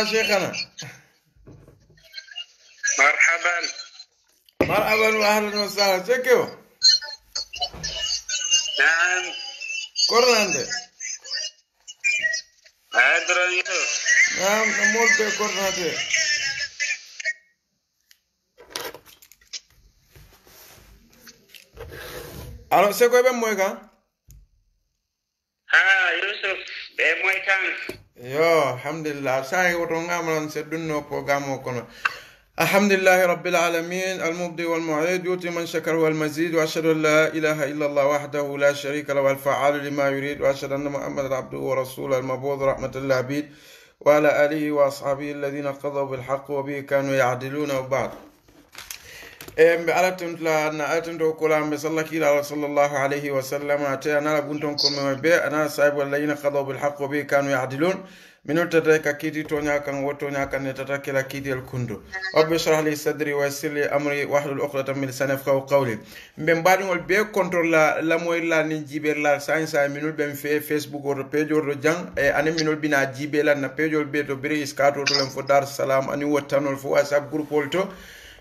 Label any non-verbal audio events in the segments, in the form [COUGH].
الله شيخنا مرحبا مرحبا واهلا وسهلا تكيو نعم كورنا عندك ادري نعم نمولت كورنا عندك الو سيكو مويكا آه، ها يوسف مويكا الحمد لله رب العالمين المبدي والمعيد يؤتي من شكر والمزيد واشهد ان لا اله الا الله وحده لا شريك له الفعال لما يريد واشهد ان محمدا عبده ورسوله المبعوث رحمه للعبيد وعلى اله واصحابه الذين قضوا بالحق وبه كانوا يعدلون وبعد e mbe ala na ala to kola mbe salla kiila sallallahu alayhi wa sallam te anala bunton komme be anala sahibu alladina kadaw bilhaq wa be kanu yadilun minol tata ka kiiti kan wo toña kan ne tata kela kiitiyel kundu rabbi shrah li sadri wa amri wahlul uqdatan min lisani yafqahu qawli mben mbaɗigol be contrôle la lamoyel la nin jiɓel la minol ɓen fe facebook oto pejo oto jang e ani minol bina jiɓe na page ɓe to biri iskatotolen fo dar salam ani wottanol fo whatsapp groupe ol to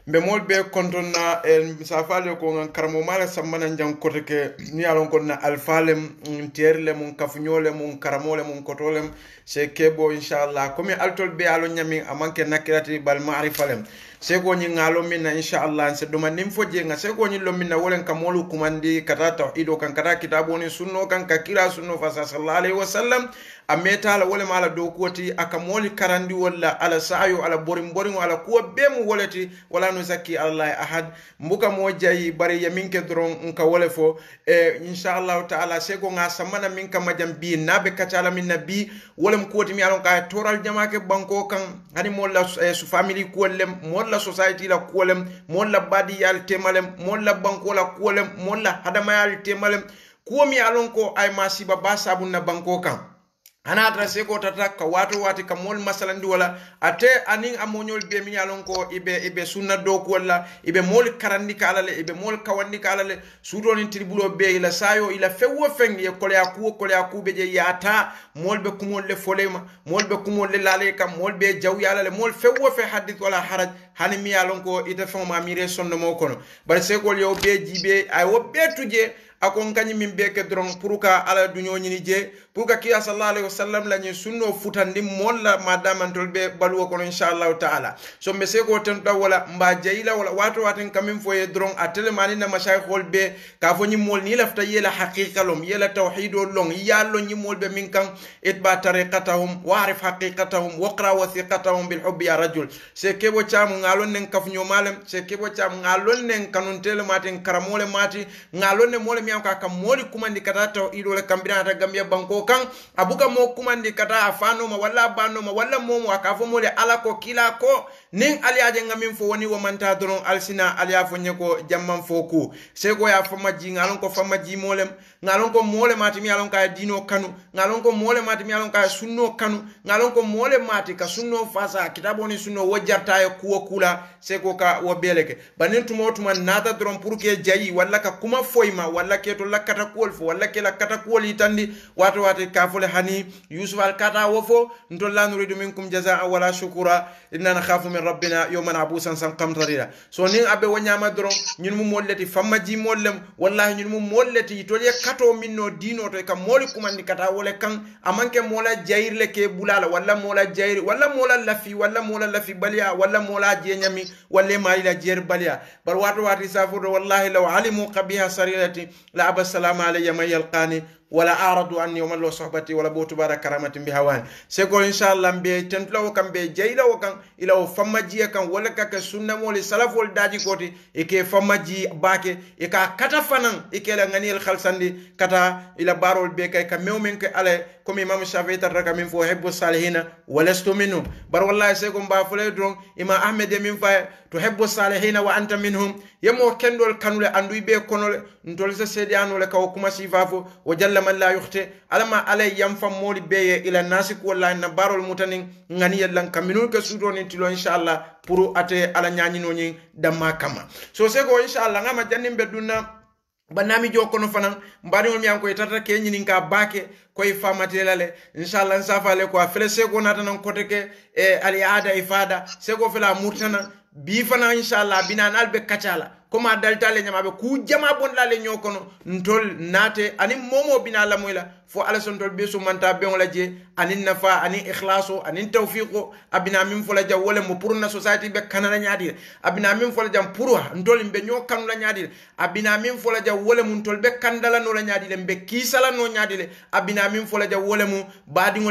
mbe mool be kontonna e fale ko ngan karamo mala sammana jang kote ke ni alon kon na alfalem mm, terle mum kafuñole mum karamole mon mm, kotolem se kebo inchallah komi altol be alo ñamin amanke nakirati bal marifalem segoñi ŋa lommin na inchallah n sedoma nin fo jenga segoñi lommin na wolen ka moolu kumandi kata tawhido kan kata kitaboni sunno kan ka kira sunno fasa sallallahu alaihi wasallam a metala wolema ala dow kuwoti aka mooli karandi walla ala saayo ala borin boriŋo ala kuwo bee mu woleti wala nu zakki allahi ahad mbuka moo jayi bari ye miŋ ke doroŋ nka wole fo e inchallahu taala sego ŋa sammana min kama jam bi naa be kacala min na bi wolem kuwoti mi alon ka toral jamake banko kan hani moolu la e, su famili kuwol lem moolu la society la kuolem moolu la baadiyaalu temalem moolu la banko la kuolem moolu la hadamayaalu temalem kuwo mi ye a lon ko a ye siba baa saabu na banko kan hana tara sei ko tata ka wato wati ka mol masalandi wala ate anin a moñol be miñalon ko ibe ibe sunna do ko walla ibe mol karandi ka alale ibe mol kawandi ka alale sudonin tribulo be ila sayo ila fewo feng ye kolya ku kolya ku be je yata mol be kumol le folema mol be kumol le lale kam mol be jaw ya alale mol fewo fe hadith wala haraj hani miñalon ko ite fama mire sonno mo kono bar sei ko yo be jibe ay wo be tuje ako ngani min beke dron doron pour ka ala duño ñini je pour ka kiya sallallahu alayhi wasallam lañi sunno futandi molla madama madamantol ɓe baluwo kono inchallahu taala so me mbe seko tentuɗa wala mba jeyila wala wato waten kamin ye dron a telemani na masayihol be ka fo mol ni lafta yela haqiqa lom yela tawhidol long yallo mol be min kan itba tariqatahum wa arif haqiqatahum wa waqra wathiqatahum bilhubbi ya rajul se ke bo cham ngalon nen kaf kafñomalem se ke bo cham ngalon nen kanuntele maten karamole mati ngalon ne molem ñaw ka kam mooli kumandi kata taw kambira ta gambiya banko kan abuka mo kumandi kata a fanoma walla bano ma wala mo a ka fo mole ala ko kila ko nin aliyaje ngamin fo woni womanta doron alsina aliya fo nyeko ko jamman fo ku ko ya fama jingalon ko fama jimolem ngalon ko mole mati mi alon ka dino kanu ngalon ko mole mati mi alon ka sunno kanu ngalon ko mole mati ka sunno fasa kitabo ni sunno wajarta ya kuwa kula se ko ka wabeleke banin tumo tuma nata dron pour ke jayi wala ka kuma foima wala ke to lakata kuol fo wala ke lakata kuol itandi wato wato ka fole hani yusuf al kata wofo ndolla nuridu minkum jazaa wala shukura inna nakhafu min rabbina yawman abusan san qamtarira so ni abe wanyama dron ñun mu molleti famaji mollem wallahi ñun mu molleti to kato min no dino to e kam moli kumandi kata wala kan aman ke mola jairle ke bulala wala mola jair wala mola lafi wala mola lafi balia wala mola jenyami wala mali la jair balia bar wato wati safo wallahi law alimu qabiha sarilati la abassalamu alayya may yalqani wala aradu anni wa mallo sohbati wala botu bara karamatin bi hawani seko inshallah be tentula wo kam be jeyla wo kan ila wo famma jiya kan wala kaka sunna moli salafol daji koti ike famma ji bake ika kata fanan ike la ngani el khalsandi kata ila barol be kay ka mew men kay ale comme imam shafi tarra kam min fo hebbu salihina walastu minhum bar wallahi seko mba fulay don ima ahmed min fa to hebbo salihina wa anta minhum yemo kendol kanule anduy be konole ntol sa seediyanole kawo kuma sifafo wo jalla man la yuhte alama alay yamfam moli beye ila nasik walla na barol mutanin ngani yallan kaminul ke sudo ni tilo inshallah pour ate ala nyanyinoñin damma kama so sego inshallah ngama jannim be dunna jo kono fanan an ko koye tata ke ñinin ka baake koye famatelale inchallah le ko a fele seko natanan kote ke e ali ada e faada ko fela murtana bi fana inshallah binan alɓe koma dalta le nyama be ku jama bonɗale nyokono ntol naate ani momo binala moyla fo ala sontol be sumanta beŋo la je anin nafa anin ikhlaso aniŋ tawfiko a bina miŋ fo la jaŋ wo pour na society be kana la ñaadi le a bina miŋ fo la be ñoo kanu la ñaadi le a bina miŋ fo la jaŋ be kandala no la ñaadi le mbe kiisala no ñaadi le a bina miŋ fo la jaŋ wo lemu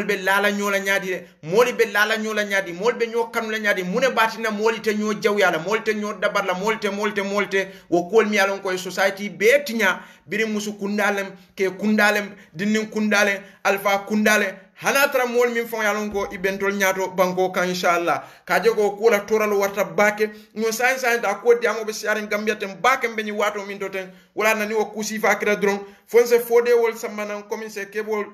be laala ñoo la ñaadi le moolu be laala ñoo la ñaadi moolu be ñoo kanu la ñaadi mu ne baatina te ñoo jawya la moolu te ñoo dabar la moolu te moolu te moolu te wo kuwolu miŋ ye ko society bee tiña biri musu kundalem ke kundalem dinniŋ kundale alfa kundale hana tara mool min faŋo ye a loŋ ko i bentol ñaato banko kaŋ inchallah ka je ko kuwo la toral warta baake ño sayin sayin ta kuwo diyamo be siyariŋ gambiya teŋ baake be ñiŋ waato min to teŋ wala nani wo fa kira doroŋ fon se foodewol sambanaŋ komi se kebol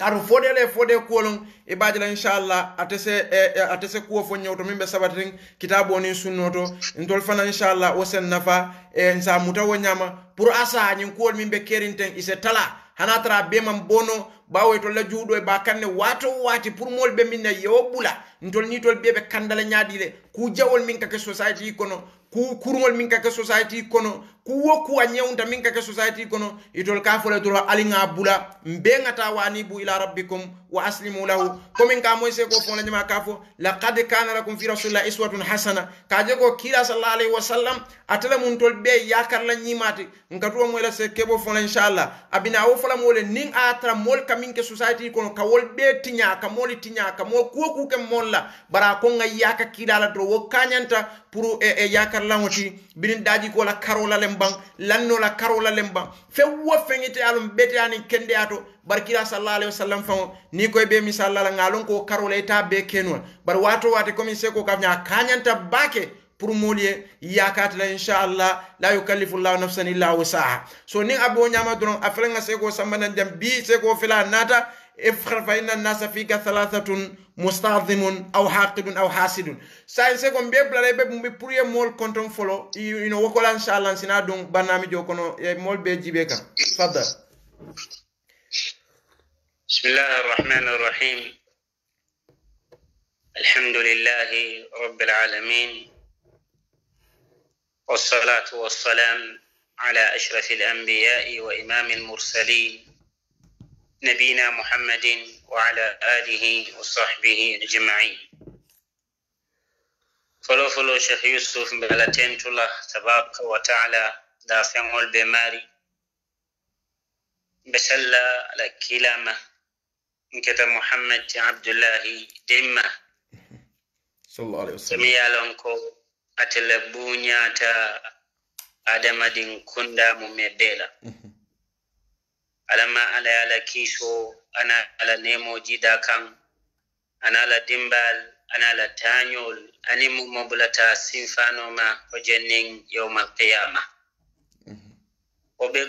kaatu fodele fode kuwolon e baaji la inchallah ate se e, e ate se kuwo fo ñewto min ɓe sabatirin kitabo nin sunno to ntol fana inchallah wo sen nafa e nsa muta wo ñama pour asa ñin kuwol min ɓe kerinten ise tala hana tara be man bono bawo to la juuɗo e ba kanne wato wati pour mol be minna yewo ɓula ntol ni tol bebe kandala ñaadile ku jawol min kake society kono ku kurmol min kake society kono kuwo kuwa ñewunta min ka ke society kono itol ka fo le dora aliŋa bula mbe nga ta wanibu ila rabbikum wa aslimu lahu komin ka moy se ko fo la ñama ka laqad kana lakum fi rasulillah iswatun hasana ka je ko kila sallallahu alaihi wasallam atala mun tol be yakar la nyimati nkatuwa moy la se kebo fo la inshallah abina wo fo la mole nin a mol ka min ke society kono ka wol be tinya ka mol tinya ka mol kuwo ku ke mol bara ko ŋa yaka kila la do wo kañanta pour e, e yakar la ngoti binin daji ko la karola lem lemban lannola karola lembang few wo feŋite alum bete anin kende ato bar kira sallallahu alaihi wasallam faŋo ni koy be misalla la ngalon ko karola ita be kenol bar wato wate komi se ko kafnya kanyanta bake pour moolu ye yaakaati la inchallah la yukallifu allah nafsan illa wusaha so ni a boo ñaama doroŋ a fele ŋa seekoo sambanandiŋ bii seekoo fela nata افخر فإن الناس فيك ثلاثة مستعظم أو حاقد أو حاسد ساين سيكون بيب بلا بيه مبي بوريه مول كنتم فولو ينو وكولا إن شاء الله سنا دون برنامج يكونو مول بيه بيكا تفضل بسم الله الرحمن الرحيم الحمد لله رب العالمين والصلاة والسلام على أشرف الأنبياء وإمام المرسلين نبينا محمد وعلى آله وصحبه أجمعين folo folo cheikh yusuf mbela tentula tabaraka wa taala da feŋol be mari mbe salla ala kilama nketa muhammad abdullahi dimma mi ye lon ko atele buñata adamadin kunda mu me bela alama ala ala kiso ana ala nemoji dakan ana ala dimbal ana ala tañol ani mumo bulata sinfanoma o jennin yawmal qiyama mhm. o ɓe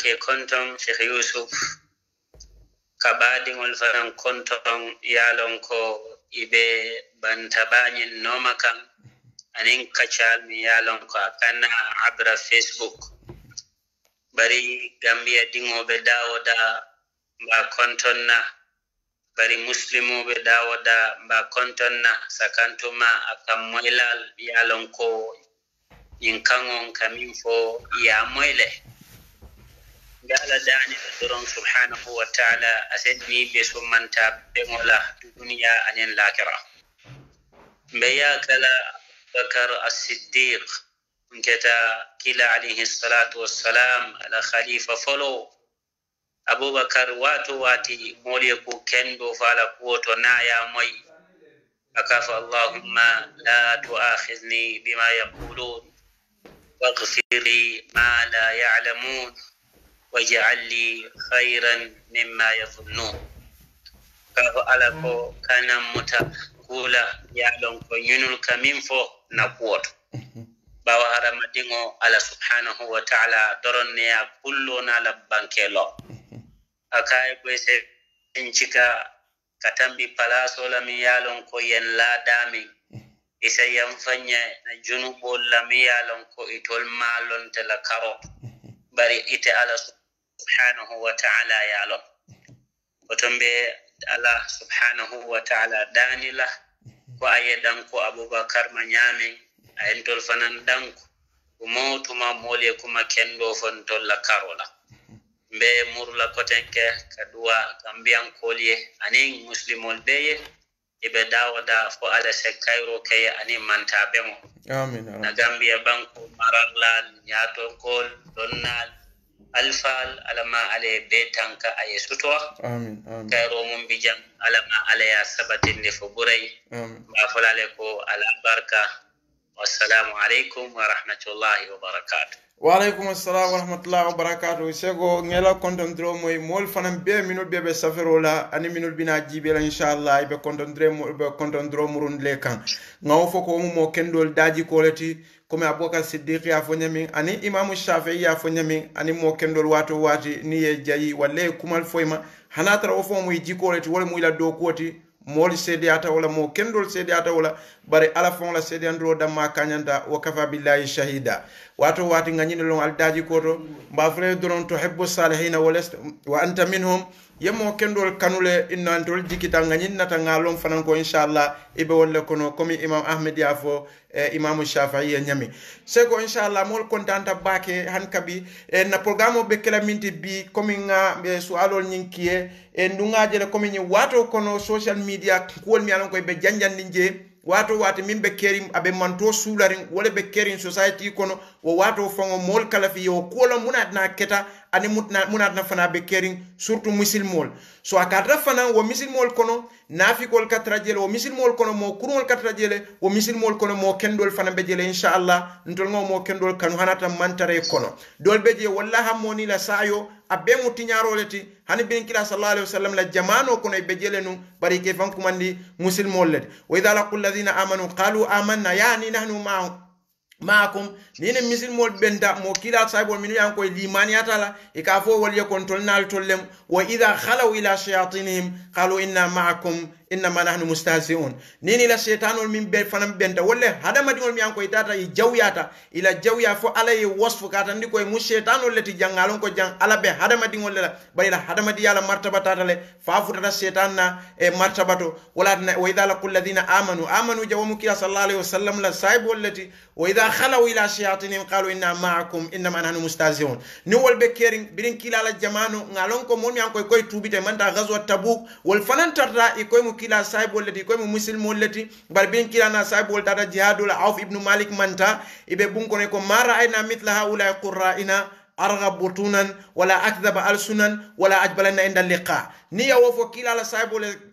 ke konton cheikh yusuf ka baɗiŋol fanan konton yalon ko iɓe bantabañin noma kan mhm. anin kacal mi yalon ko kana abra facebook bari gambiya dingoɓe dawoda mba kontonna bari muslimuɓe dawoda mba kontonna sakantuma akam moylal yalon ko in kanon kamin fo ya moyle gala dani ɓe doron subhanahu wa taala asedni ɓe sumanta ɓeŋola to duniya anen lakira mbe yakala bakar asiddiqe كتا كلا عليه الصلاة والسلام على خليفة فلو أبو بكر واتو واتي موليكو كندو فالقوتو نايا مي أكف اللهم لا تؤاخذني بما يقولون واغفر ما لا يعلمون واجعل لي خيرا مما يظنون كفالكو كان متقولا يعلم كو ينلك من فو [LAUGHS] bawa harama ɗiŋo ala subhanahu wa taala doron neya kullonala banke lo ɓoy [LAUGHS] se en cika ka tambi palasola mi yalon ko yen laadami [LAUGHS] isa yan fanya na junuɓol la mi yalon ko itol malonte la karo [LAUGHS] bari ite ala subhanahu wa taala yalon oton ɓe ala subhanahu wa taala danila ko ayeɗan ko abubakar ma ñamin ayentol fanan danko umo tuma moolu ye kuma kendo fon tolla karola mbe murula kotenke ka duwa ka ye aniŋ musilimol bee ye i be dawoda fo ala se kayro keye aniŋ mantabe mo na gambiya banko mararlal ñatonkol donnal alfaal alama ala ye bee tanka aye ye sutowa kayro mum bi jaŋ alama ala ye sabatindi fo burayi mbafola le ko ala barka wassalamu aleykum warahmatullahi wabarakatu waaleykum assalam warahmatullahi wabarakatu sego ŋela contondire moy moolu fanaŋ be minnu be be safero la ani minnu bina jiibe la inchallah i be be contondiro murundu le kaŋ ŋa wo fo ko womu mo moo kendoolu daaji ko le ti komi y'a fo ɲamin ani imamu shafii y'a fo ɲamin ani moo kendol waati waati ni ye jayi walla ye kumal foyma hana tara wo fo mu i wala le ti la do ti moolu seedeyata wo la moo kendol seedeyata wo la bari ala faŋo la seedeyandiro danma kañanta wa kafa billahi shahida waato waati ŋa ñini loŋ ali daaji koto mbaa fula ye doroŋ tuhibu salihina wa anta minhum yemo kendol kanule inna ntol jikita ngani nata ngalon fanan ko inshallah ibe wolle kono komi imam ahmed ya fo eh, imam shafi'i ya e nyami se ko inshallah mol kontanta bake han kabi eh, na programo be kala minti bi komi nga eh, sualol nyinkiye e eh, ndungaje le komi ni wato kono social media kuol mi alon ko be janjan ninje wato wati min be kerim abe manto sularin wala be kerim society kono wo wato fango mol kala fi yo kola na keta ani na fana be kerim surtout musilmol so akadra fana wo mol kono nafikol katara jele wo mol kono mo kurol katara jele wo mol kono mo kendol fana be jele inshallah ntol ngo mo kendol kanu hanata mantare kono dol be je walla moni la sayo abbe mu tiñarole ti hani bin kila sallallahu alaihi wasallam la jamano kono e be jele nu bari ke fan kumandi musulmol lede wa idha laqu alladhina amanu qalu amanna yani nahnu ma'ahum maakum nine misilmol benta mo kila saybol min wiyan koye limaniyata la e ka fo wol ye kon tol naltol lem wa ida halaw ila shayatinihim qalu inna maakum innama nahnu mustahzi'un nini la shaytanol min be fanam benta wolle hadamadiŋol mi yanko itata i jawyata ila jawya fo ala ye wasfu tan koye mu shaytanol lati jangalon ko jang ala be hadama le la bayla hadama di hadamadiyala martaba tata le fafutata shaytan na e martaba to walatina wa idha laqul ladina amanu amanu jawmu kila sallallahu alaihi wasallam la saibol leti wa idha khalaw ila shayatinihim qalu inna ma'akum innama nahnu mustahzi'un ni wol be kerin birin kila la jamano ngalon ko mon mi yanko e koy tubite manta ghazwat tabuk wol fanan tarta e koy mu kila sayboleti koye mo musilmoleti bar bin kilana saybol tata jihadul auf ibnu malik manta iɓe bunkone ko ma raayna mitla haula qurraina argabutunan wala akdaba alsunan wala ajbalanna e dal liqa ni yawo fo kilala saybole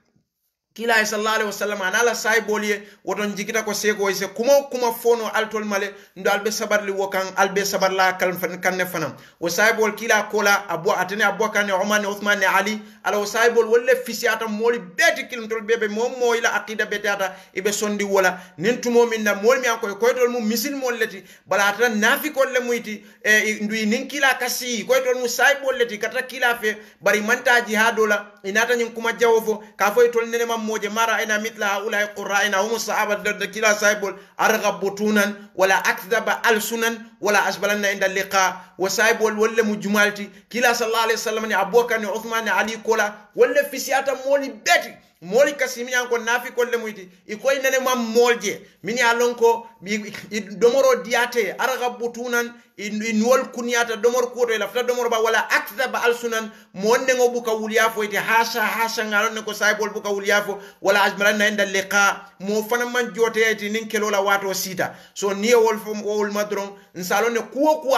kilaye sallah alahi wasallam ana ala sahi booliye woton jigita ko seego oy se kuma kuma fof no altol male ndo albe sabarli wo kan albe sabarla kanne fanan wo sahibool kila kola abo atene aboubacar ne omar ne ousmane ne ali ala wo sahibool wolle fisiyata mooli beete kilimtol beɓe mo mooyila aqida beeteyata eɓe sondi wola nin tumomin na moolmi an koye koyetol mum misilmol leti bala atata naafikol le muyti e nduyi nin kila kasi koyetol mum sahibool leti katata kila fe bari mantaji ha dola inata ñin kuma jawo fo ka fo e tol nenema kammoje mara ena mitla ha ulai e qurra ena humu sahaba derde kila sahibol arhabbo tunan wala akdaba alsunan wala asbalanna enda liqa wo sahibol wolle mo jumalti kila salla alah w sallam ni aboubacar ni outhmane ali kola wolle fisiyata moli beti moli kasimiyanko nafi kolle muyti ikoye nane mam molje min ya lon ko domoro diyate arhabbo tunan wol kuniyata domor kuto e lafta domor ba wala akdaba alsunan mo on nen o ɓuka wuliya ete hasa hasanga non ne ko sahibol ɓuka wala ajmalanna en dalle ka mo fana man joteyati nin kelola wato sita so ni e wol wowol ma doron nsalo ne kuwo kuwo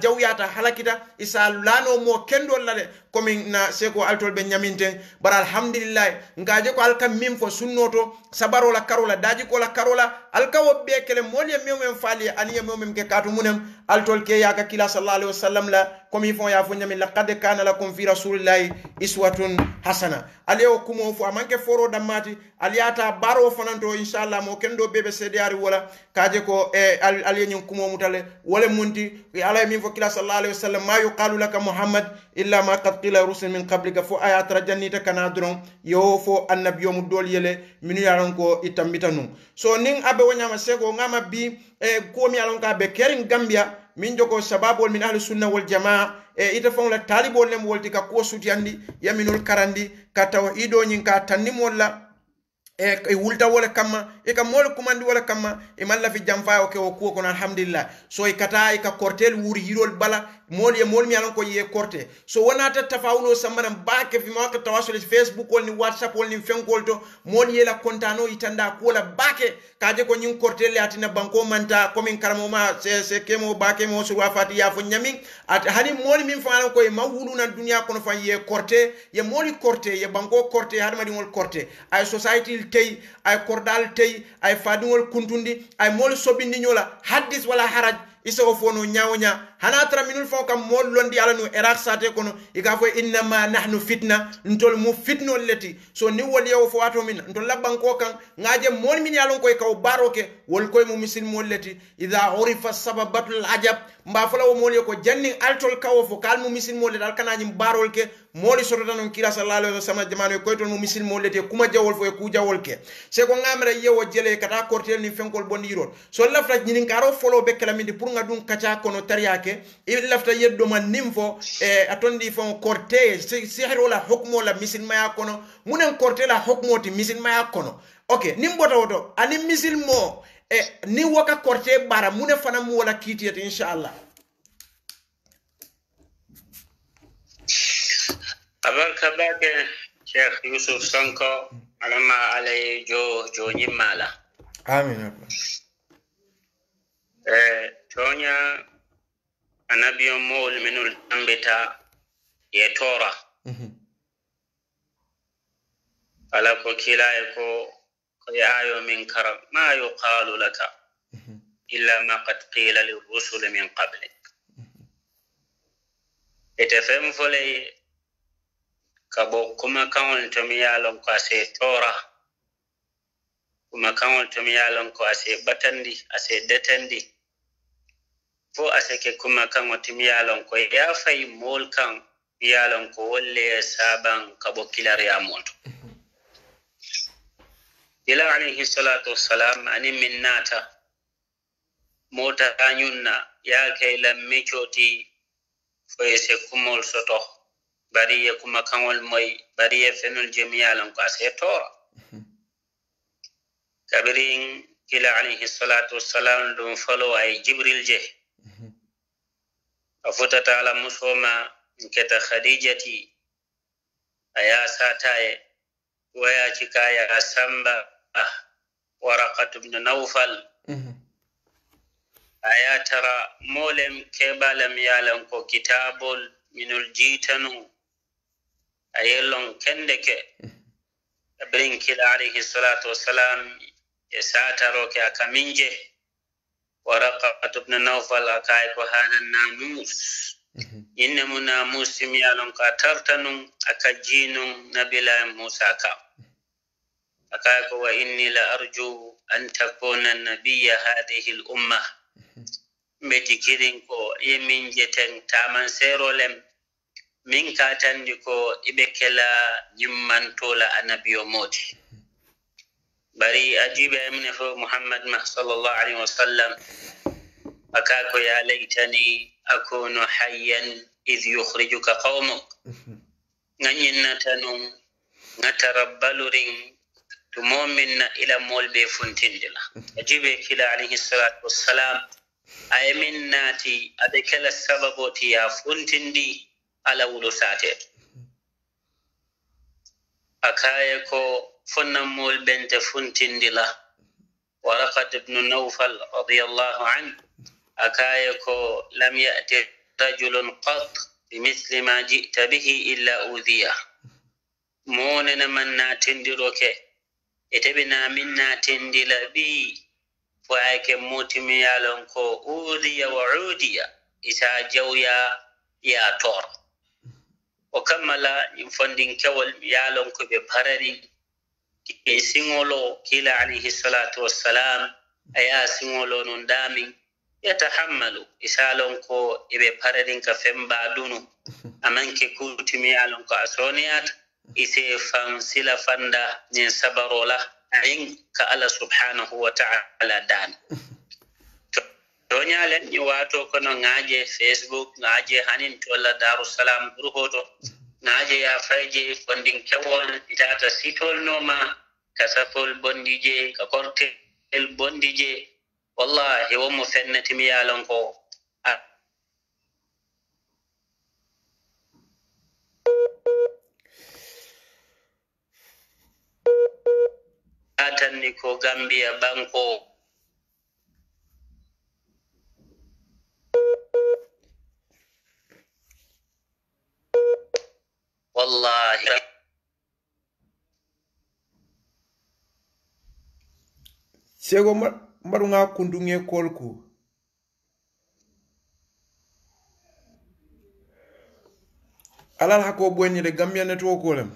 jawyata halakita isa lano mo kendol lale komin na seko altol ɓe bara alhamdulillah nkaje ko alka mim fo sunnoto sabarola karola daji la karola alka wo kele mool ye mew fali faali ani ke katu munem altol ke yaga kila sallallahu alaihi wasallam la komi fon ya fonya nyami laqad kana lakum fi rasulillahi iswatun hasana ale o kumo fo amanke foro dammati aliyata baro fananto inshallah mo kendo bebe cdr wala kaje ko e eh, aliye nyin kumo mutale wala munti e, ala min fo kila sallallahu alaihi wasallam ma yuqalu laka muhammad illa ma qad qila rusul min qablika fo ayat rajannita kana dron yo fo annabiyo mu dol yele minu yaron ko itambitanu nun so nin abe wanyama sego ngama bi e eh, komi alon ka be kerin gambia min jogo sababol min ahli sunna wal jamaa e ita la talibol nem wolti ka suti sutiyandi yaminol karandi ka tawa idoñin ka tannimol e e wala kamma eka ka moolu kumandi wala kamma i maŋ lafi janfayo ke kuwo kono alhamdulillah so e kata e ka korteelu wuri yirol bala moolu ye moolu miŋ a ko ye korte so wo ta tafawuloo sambanaŋ baa ke fimawo ka facebook ol ni ol ni fenkol to moolu ye la kontano yitanda kuwo la kaje ke ka je ko ñiŋ korteelu le atina banko manta komin karamo ma se kemo baa kemo suruwa fati ye a fo hani moolu min faŋ a ko ye ma wulu naŋ kono fan ye korte ye moolu korte ye banko korte ye korte a society tey ay ye tey ay fadugol kuntundi ay moolu sobindi ñola haddis wala haraj isa o fo no ñawoña hana tara minul fon kam moolu londi ala no erak sate kono iga fo innama nahnu fitna ntol mu fitnol leti so ni woli yewo fo wato min ntol labbanko kan ngaje moolu min yalon koye kaw baroke wol koye mu misilmol leti ida urifa sababatul ajab mba fola wo moolu ye ko janni altol kawo fo ka ali mu misilimoolu le ti ali kana ke moolu sotota nuŋ kila sallallahu alaihi wasallam jamano ye koyitolu mu misil le e ti kuma jawol fo e kuu jawol ke se ko ŋa yewo jele e kata kortel ni fenkol bondi yirol so lafta ñininkaaroo foloo be kelamindi pour ŋa duŋ kaca kono tariya ke i lafita ye doma niŋ fo eh, atondi faŋo korte sihiro la hukumo la kono munen korte la hokmo ti maya kono ok nin bota ani misil moo e ni waka korte bara mune fana mu wala kitiyete inchallah abar ka bake yusuf sanko alama alay jo jo nyimmala amin eh tonya anabiyo mool minul tambita ye tora mhm. ala ko kila ko ko yaayo min kara ma yuqalu laka illa ma qad qila lirusule min qable ete fen foley kabo kuma kawol tomi yalon ko ase tora kuma kawol tomi yalon ko ase batandi ase detandi fo aseke kuma kango timi yalon ko yafay mol kan mi yalon ko wolle saban kabo kilariya moto dila alayhi salatu wassalam ani min nata mota tañunna ya lamme cooti foye se kumol soto bari ya kuma kanwal moy bari ya fenol jemi yalan ko ase tora. kabirin kila alayhi salatu wassalam don folo ay jibril je a ta ala musoma ta khadijati a ya sataye waya cika ya samba warakat ibn a aya tara molem keɓalem yalan ko kitabol minul jitanu a yellon kende ke birin kila alayhi salatu ya sata sataroke a kaminje warakat ibn naufal a kayi ko hanan namus inna mu namus simi yalon ka tartanum aka na bilayen musa kam akaweka wa inni la arju an takuna nabiya hadhihi l umma mbeti ko yemin jeten taman serolem min katandi ko iɓe kela jimmantola annabiyo modi bari a jiɓe fo muhammad ma sallllahu alayhi wa sallam aka ya laytani akunu hayyan id yukhrijuka qawmuk ŋa ñinnata nun ŋa تمومنا إلى مول بي فنتين دلا أجيبك إلى عليه الصلاة والسلام من ناتي أدك السبب تيا فنتين دي على ولساته أكايكو فن مول بنت فنتين دلا ورقد ابن نوفل رضي الله عنه أكايكو لم يأتي رجل قط بمثل ما جئت به إلا أوذيه مون من ناتين دلوكي etebinamin natendila ɓi fayake mutimiyalon ko uriya wa udiya isa jawya ya tor o kammala in fondin kewol yalon ko ɓe parari e siŋolo kila alayhi salatu wassalam a ya siŋolo non damin yatahammalu isalon ko eɓe pararin ka fembaɗunu amanke [LAUGHS] kutimiyalon ko a soniyata isefan sila fanda nin sabarola ah. ayin ka allah subhanahu wa taala dani [LAUGHS] to yalen i wato kono ngaje facebook ngaje hanin to allah darusalam buruhoto ngaje yafayje fondin kewol itata sitolnoma kasafol bondije ka kortel bondije wallahi wonmo fennetimi yalon ko satanni ko gambiya banko wallahi seego mbaɗunga kundunge kolku alal hako ɓoyñede gambiya netwo kolem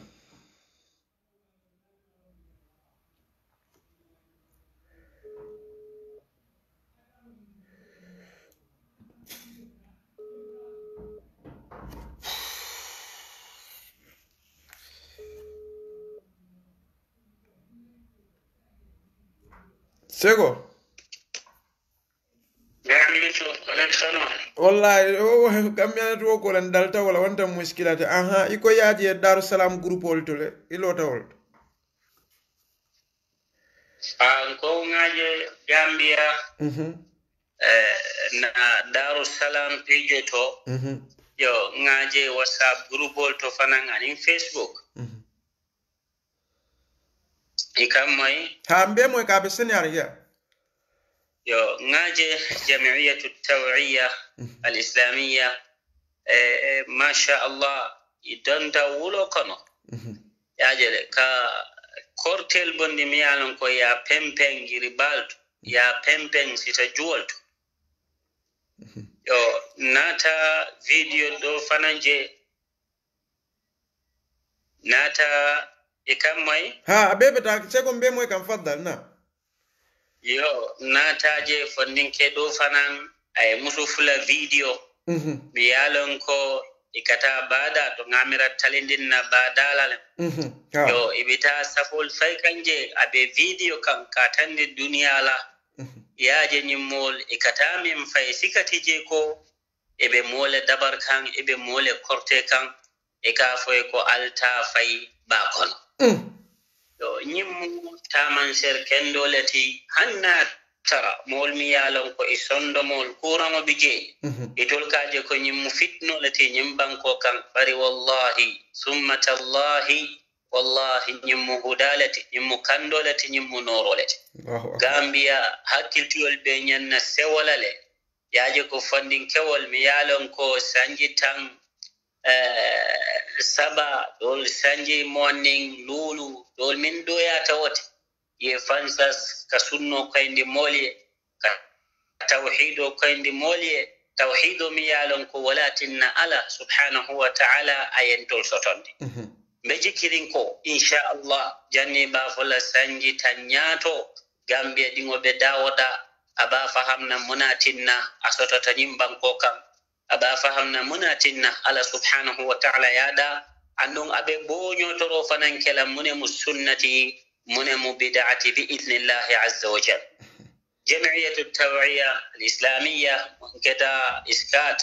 seko wallahi oh, kam yanati wo kolan daltawola wala wonta muskilate aha iko yaati e daru salam groupe ol to le ilota wol to koŋaje gambia na daru salam pijo to yo ŋaje whatsapp groupe ol to fanan anin facebook ikam moy hambe moy ka be sene arja yo ngaje jamiyatu tawiya mm-hmm. alislamiyya e, e masha allah idonta wulo kono mm-hmm. yaje ka kortel bondi mi yalon ko ya pempen giri baltu mm-hmm. ya pempen sita juwoltu yo nata video do fana je nata e kam moy ha abebeta cegon be moy kam faddal na yo nataje fondinke ɗo fanan aye musu fula video mhm. mi yalon ko e kata bada to gamira talidin na badalal mhm, yo ibita e safol fay kanje aɓe video kam katande duniyala mhm. yaje nyimmol e kata min fay sikatije ko eɓe mole dabar kan eɓe mole korte kan e ka foy ko alta fay bakono yo mm. ñimmu taman ser kendolati hanna tara mool mi yaalon ko e sondomol kuramo ɓe jeeyi mhm. e tolkaaje ko ñimmu fitnolati ñimbanko kan ɓari wallahi summa tallahi wallahi ñimmu hudalati ñimmu kandolati ñimmu norolati gambiya hakkiltiwol ɓe ñanna sewolale yaaje ko fonndin kewol mi yaalon ko sanji tan Eh, saba dol sanje morning lulu dol min ɗoyata wote ye fansas ka sunno kayndi moolye ka tawhido kayndi moolye tawhido mi yalon ko walatinna ala subhanahu wa taala ayentol sotonde mhm. mbe jikirin ko allah janni baafola sanji tan ñaato dingo be dawoda aba fahamna munatinna tinna a sotota kam aɓa fahamna munatinna ala subhanahu wa taala yaɗa andon aɓe boñotoro fanan kela mune mo sunnati mune mo bida'ati bi idnillahi azza wa jal jamiyatu tawiya alislamiya keta iskat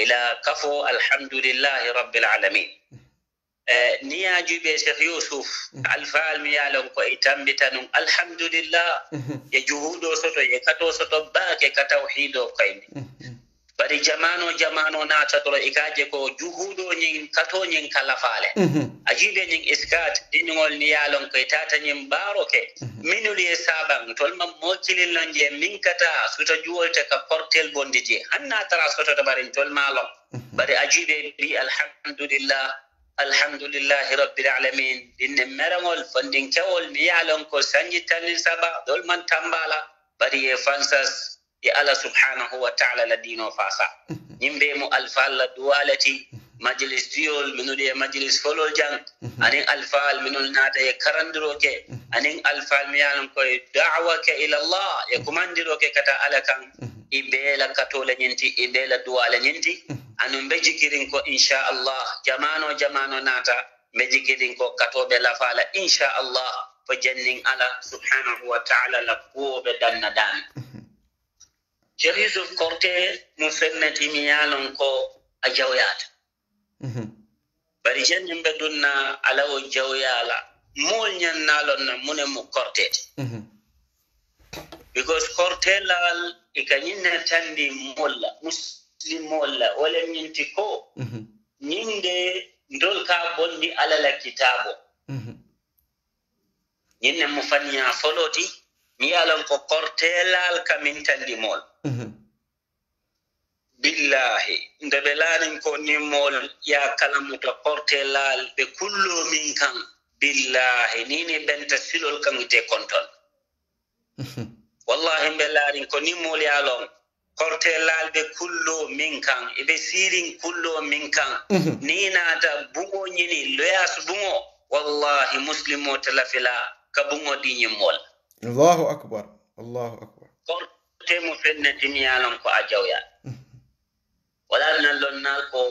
ila kafo alhamdulillahi rabbil alamin niyajuɓe cheikh yusuf alfaalmi yalon ko e tambita ɗum alhamdulillah e juhuɗo soto e kato soto baake ka tawhido koyne bade jamano jamano naata toro ikaaje ko juhuuɗoñin katoñin kala faale mhm. a jiiɓeñin iskat ɗinngol niyalon koye tatañin mbaaroke minolie mhm. saban tol ma mokililloje min kata soto juwolte ka portel bonditi han natara sototo ɓarin tol maalon mhm. bade a jiiɓe mbi alhamdulillah alhamdulillahi rabbilalamin ɗinne merogol fonɗin kewol miyalon ko sanji tanni saba dol man tambala bade e fansas e allah subhanahu wa taala la diino faasa [LAUGHS] yimɓe mo alfaalla duwalati majlis duyol minoɗi e majlis folol jan [LAUGHS] anin alfaal minol naata e karandiroke [LAUGHS] anin alfaal mi yanan koye dawake ilallah e kumandiroke kata ala kan i mbeela katole ñinti i mbeela duwale ñinti anu mbe jikirin ko inchallah jamano jamano naata mbe jikirin ko katoɓe lafaala inchallah fo jannin ala subhanahu wa taala la kuwoɓe danna daani jarisul korte mo fennati mi yalon ko a jawyata mhm. bari janni mbedunna alawo jawyala mool ñannalonna mune mo kortete mhm. because korte laal e kañinne tandi molla muslim molla wala ñinti ko mhm. ñinde ndolka bonndi alala kitabo ñinne mo fanniya folo ti mi yalan ko kortelal kamin tandimol mhm. billahi nde ɓe laanin ko nimmol ya kalamuta kortelal ɓe kullo min kan billahi nini benta silol kamite konton mhm. wallahi mɓe laarin ko nimmol yalon korte laalɓe kullo min kan eɓe siirin kullo min kan mhm. ninata bugo ñini loyas bugo wallahi muslim o talafila ka bugo ɗi ñimmol الله أكبر الله أكبر كورتي مفيدنا تنيا لنكو أجويا ولا نلون نالكو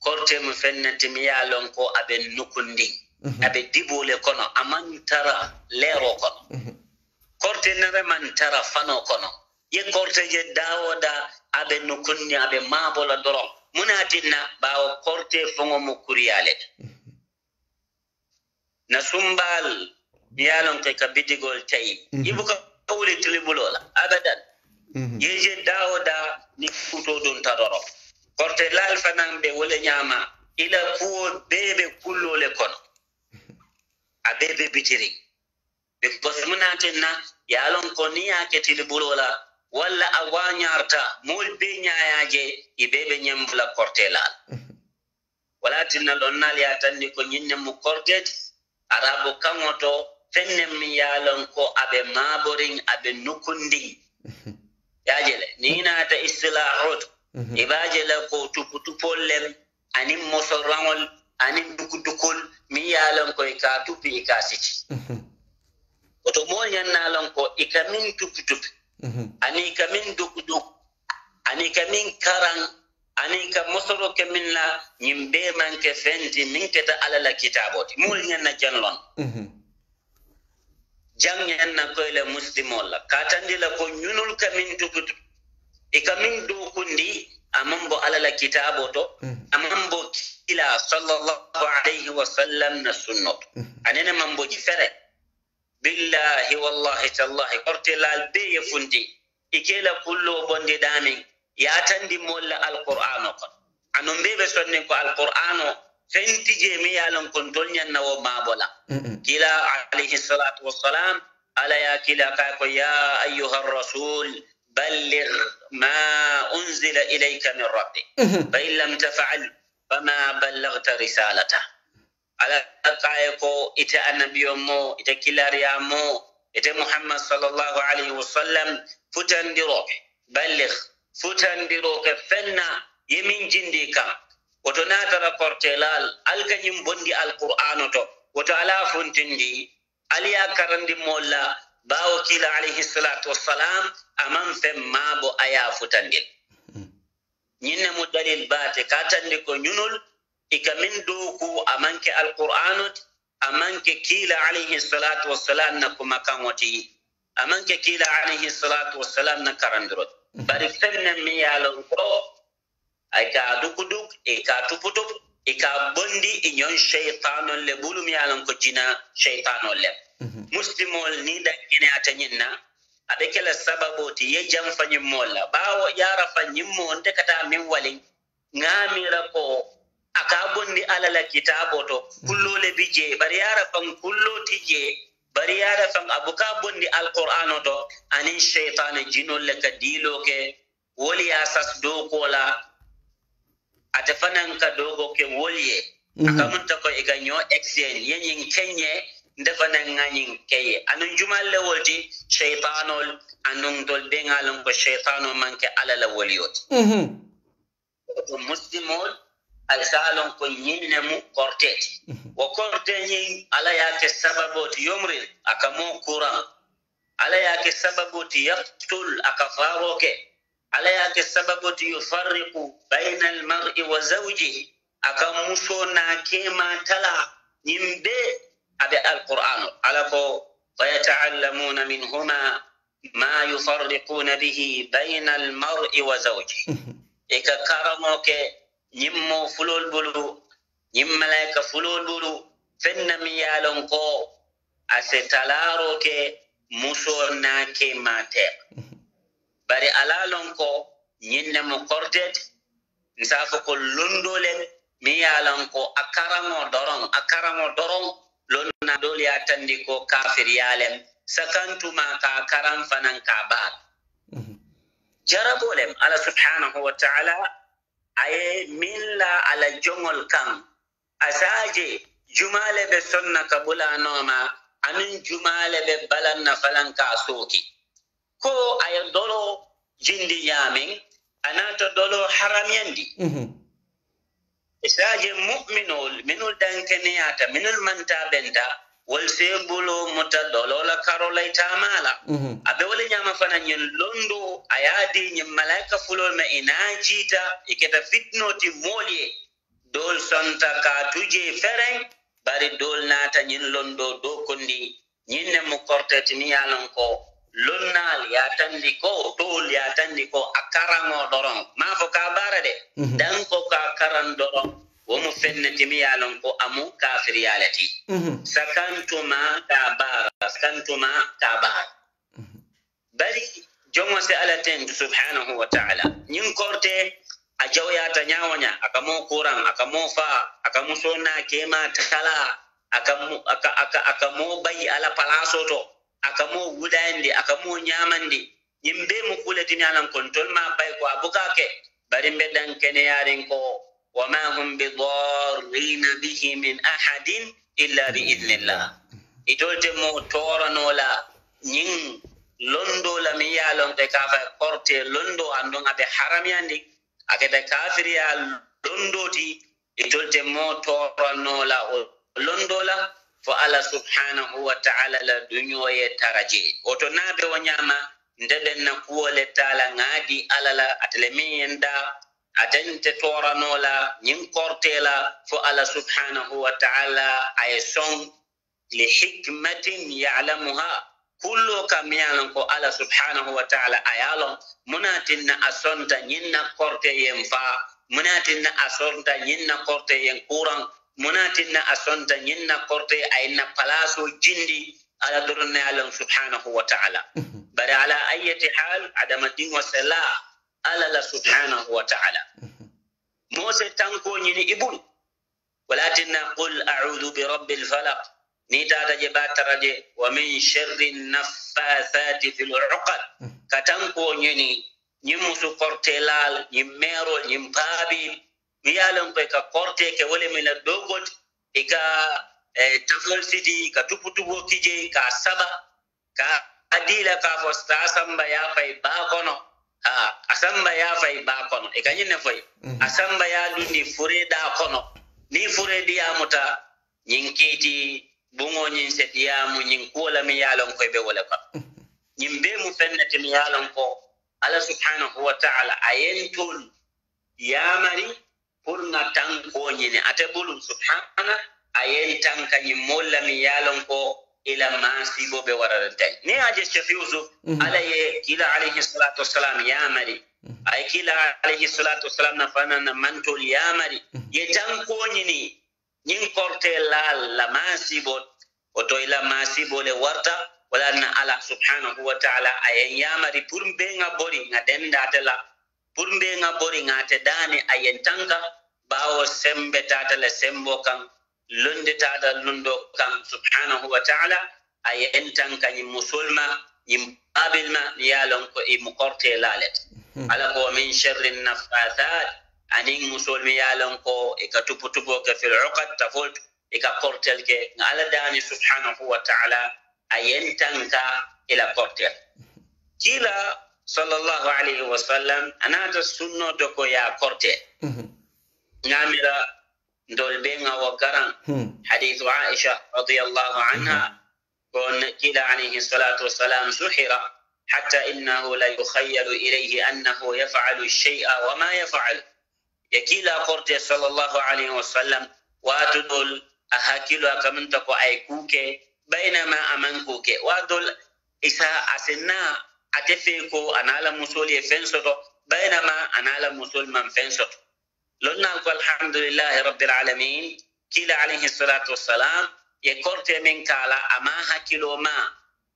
كورتي مفيدنا تنيا لنكو أبي نكندي أبي ديبو لكونا أمان ترى ليرو كونا كورتي نرمان ترى فانو كونا يه كورتي جداو دا أبي نكندي أبي ما بولا دروم مناتنا باو كورتي فنو مكريالي نسنبال mbiyanonte ka bidigol tawi yimɓe mhm. ko kawli tribulola abadan mhm. yeje dawo da ni kuto ɗum tadoro korte laal fananɓe wole ñama ila kuwo beɓe kullole kono a beɓe bitiri ɓe posmunaten na yalon ko niyake tilibulola walla a wañarta mol be ñayaje e ɓeɓe ñembula korte laal mhm. wala tinna ɗon nal ya tanni ko ñinne mu kortet araabo kanŋo to fennen mi yaalon ko aɓe maaborin aɓe nukundin [LAUGHS] yaajele ninata islahot mhm. ibaajele ko tuputupollen anin mosorangol anin dukudukol e e mhm. e min yaalon mhm. koye ka tupi ika siki koto moñannaalon ko ika min tuputupi anika min dukuduk anika min karan anika mosoroke min la ñin ɓe manke fenti min keta alala kitaboti mool ñanna janlon janñanna koyle muslime olla katandila ko ñunol kamin tugutu e kamin dokundi aman bo alala kitabo to mhm. aman bo kila sallllahu alayhi wa sallam na sunnoto mhm. anene man boji fere billahi wallahi tallahi kortelal be ye funti e kela kullo bondi ɗamin yatandi molla alqur'an o kon anon mbeɓe sonnin ko alqur'an o فانتي جميع لم كنتون ينو ما بلا كلا عليه الصلاة والسلام على يا كلا كاكو يا أيها الرسول بلغ ما أنزل إليك من ربي فإن لم تفعل فما بلغت رسالته على كاكو اتى النبي مو اتى كلا ريامو إتا محمد صلى الله عليه وسلم فتن بلغ فتن بروك فنا يمين جندي كام woto natara kortelal alkañim bondi alqur'ano to woto ala funtindi aliya karandi molla bawo kila alayhi salatu wassalam aman fen mabo aya futandil ñinne mu dalil bate ka tandi ko ñunol ika min dooku amanke alqur'ano amanke kila alayhi salatu wassalam na kuma kanwoti amanke kila alayhi salatu wassalam na karandirot mhm. bari fenne nen mi yaalon ko ka dukuduk e ka tuputup e ka bondi e ñon cheytanol le ɓulumi alon ko jina cheytanol le mhm. muslimol ni da kene ata ñin na aɓe kele sababu ti ye jam fañimmol la ɓawo ƴara fañimmo nde kata min walin ŋamira ko aka bondi ala la kitabo to kullole bi je bari yara fan kulloti je bari yara fan abu ka bondi mhm. alquran o to anin cheytane jinol le ka diloke woli ya sas dokola ate fanan ka dogo ke wolye mm -hmm. ko iga nyo exchange yenyin kenye ndefanan ŋañin keye anun jumal le wolti sheitanol anun dol dengalon ko sheitano manke ala la woliyoti mm -hmm. ko muslimol alsaalon ko ñinne mu kortete mm -hmm. wo korte ñin ala yake sababoti yomrin aka mo kuran ala yake sababoti yaktul aka faroke ala yake sababu to yufarriqu bayna almar'i wa zawjihi aka muso nake matala yimɓe aɓe alqur'anu ala ko fayatacallamuna minhuma ma yufarriquna bihi bayna almar'i wa zawjihi [LAUGHS] eka karamoke yimmo fulol ɓolu yimmalayka fulol ɓolu fenna mi yalon ko ase talaroke muso nake matea [LAUGHS] bari alaalon ko ñinne mo kortede misaafo ko lonndole mi yaalan ko a karaŋo doron a karaŋo doron lonna dol ya tandi ko kafir yaalem sakantuma ka karan fanan ka baal mhm. jarabolem ala subhanahu wa taala aye min la ala joŋol kan asaaje jumaale ɓe sonna ka bulanoma anin jumaale ɓe balan nafalan ka sooki ko aya dolo jindi yamin anata dolo haramyandi isaje mhm. e muminol minol dankeneyata minol manta benta wol sebulo mota dolola karolaytamala mhm. abe wole ñama fana ñin londo ayadi ñin malaika fulolma ina e jiita iketa e fitnoti moolye dol sonta katuje fereng bari dol nata ñin londo dokondi ñin ne mu korteti mi yalon ko lonnal yatandi ko ya yatandi ko a o doron ma fo ka bara de mhm. dan ko ka karan doron timi fennetimi yalon ko amu kafiriyalati mhm. sakantuma ka bara sakantuma ka bara mhm. bari jongo se ala tentu subhanahu wa taala ñin korte a jawyata ñawoña aka mo kuran aka mo fa aka mo sonna kema tala aka aka aka bayi ala palaso to aka mo wuɗayandi aka mo ñamandi yim be mo kulatini alankon ton ma bay ko abukake bari mbeɗan keneyarin ko wama hum bidarrina bihi min ahadin illa biidnillah mm-hmm. itolte mo toranola yin londola min yalonte kafa korte londo andon aɓe haramyandi akete kafiriya londoti itolte mo toranola o londola fo ala subhanahu wa ta'ala la ye taraje woto naabe wo ñama ndeɗen na kuwole taala ŋaadi ala la atele min yenda atente toranola ñin kortela fo ala subhanahu wa ta'ala aye son li hikmatin yalamuha kullo kam yalon ko ala subhanahu wa ta'ala ayalon munatinna a sonta ñin na korte yen fa na a sonta ñin na korte yen kuran munatinna a sonta ñinna korte a yinna place o jindi ala dorone allah subhanahu wa taala [LAUGHS] bare ala ayyati hal adama ɗin o sela ala la subhanahu wa taala [LAUGHS] mose tanko ñini ibul walatinna qul audu birabbi lfalak ni tataje ba taraje wa min sherri nafasati fi luqad [LAUGHS] ka tanko ñini ñin musu kortelal ñin merol ñin paabil mi yalon koy ka korte wole mina dogot e ka eh, tafol siti ka tuputubo kije ka saba ka adila ka fo sta samba ya fay ba kono ha asamba ya fay ba kono e kanyin ne fay mhm. asamba ya dundi fure da kono ni fure diya muta nyin kiti bungo nyin se diya mu nyin kola mi yalon koy be wala ka mhm. nyin be mu fennati mi yalon ko ala subhanahu wa ta'ala ayentol yamari pour nga tanko nyine ate bulum subhana ayen tanka ñi molla mi yalon ko ila masibo be wararen tay ne aje chefi uzu mhm. ala ye kila alayhi salatu wassalam ya mari mhm. ay kila alayhi salatu wassalam na fana na mantol ya mari mhm. ye tanko ñini nyin korte la la masibo to ila masibo le warta wala na ala subhanahu wa ta'ala ayen ya mari pour be ngabori bori nga ɓurde nga bori ngate dane ayen tanka bawo sembe tatala sembo kan londe tata lundo kan subhanahu wa taala ayen tanka ñin musolma ñin babil ma mi yalon ko e mukorte lalet hmm. ala ko min sherri nafasat anin musolmi yalon ko e ka tupo tupo ke fil uqad tafolt e ka kortel ke nga ala dani subhanahu wa taala ayen tanka ila kortel kila صلى الله عليه وسلم انا هذا السنة دوكو يا كورتي نامرة دول بينا وكرم حديث عائشه رضي الله عنها كون كلا عليه الصلاه والسلام سحر حتى انه لا يخيل اليه انه يفعل الشيء وما يفعل يكيلا قرتي صلى الله عليه وسلم وادول احكي لو كم انت كو بينما امنكوك وادول إساء اسنا ate fe ko ana ala musol ye fen soto baynama ana ala musol man fen soto lon nan ko alhamdulillahi rabbil alamin kila alayhi salatu wassalam ye korte min kala ama hakkilo ma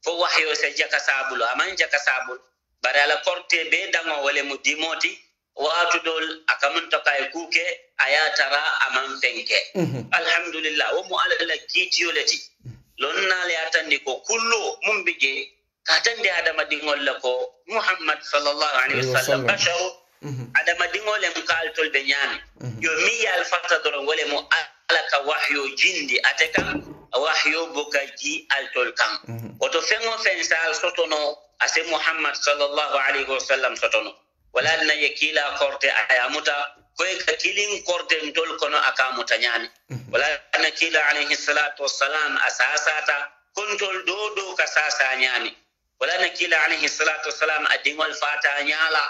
fo wahyo se jaka sabulo aman jaka sabulo bare ala korte be dango wole mu dimoti watu dol akamun to e kay kuke ayatara aman fenke mhm. alhamdulillah wo mu ala mhm. la kitiyoleti lon nal yatandi ko kullo mum haatanndi adama ɗiŋolle ko muhammad salllahu alayhi wa sallam basaru mhm. adama ɗiŋole mo kaaltolɓe ñaami mhm. yo mi yal farta doro wole mo ala ka wahyo jindi ate kam wahyo boka ji altol kam woto mhm. feŋo feŋ sal sotono ase muhammad salllahu alayhi wa sallam sotono wala ɗina ye kiila korte ayamuta koye ka kilin korten tol kono aka muta ñaami wala ɗina kiila alayhi salatu wassalam a sasata kontol dow dow ka sasa ñaami walana kila alayhisalatu wasalam a diŋol fa ta ñaala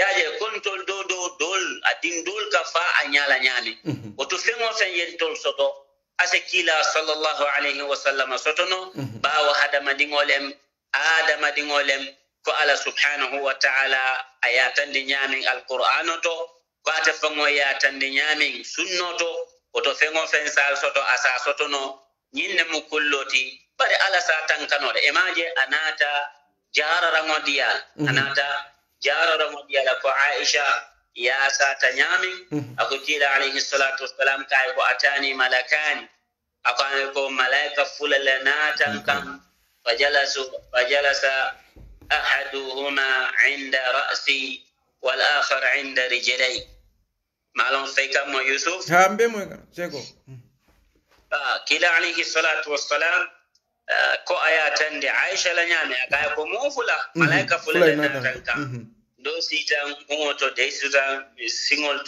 yaje kontol do do dol a diŋ dol ka fa a ñaala ñaami mhm. woto feŋo feŋ yentol soto ase kila salllahu alayhi wasallama sotono mhm. bawo hadamadiŋolem adamadiŋolem ko ala subhanahu wa taala a yatandi ñaamin alqur'ano to ko ate feŋo yatandi ñaamin sunno to woto feŋo feŋ sal soto asa sotono ñinne mu kulloti bare ala sa tankanole e maje anata jara diyal anata jara jararaŋo la ko aisha ya sa ta ñamin ako kiila alayhi salatu wassalam kaye ko atani malakani ako ay ko malaika fulala nata kam fajalasu fajalasa ahaduhuma inda ra'si wal akhar inda rijlay malon fay mo yusuf hambe mo ceko kiila alayhi salatu wassalam Eh, ko aya tande aisha la nyame a kaya ko mo fula mhm, malaika fula na natal do mhm. do sitan kuŋo to si siŋol singol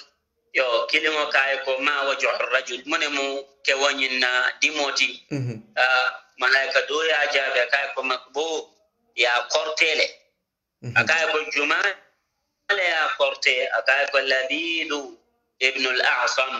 yo kiliŋo kaya ko ma wajohu rajul mune mu ke wanyina dimoti mhm. eh, malaika do ya jaabe a kaya ko makbu ya kortele a kaya ko jumale ya korte a ko labidu ibn al asam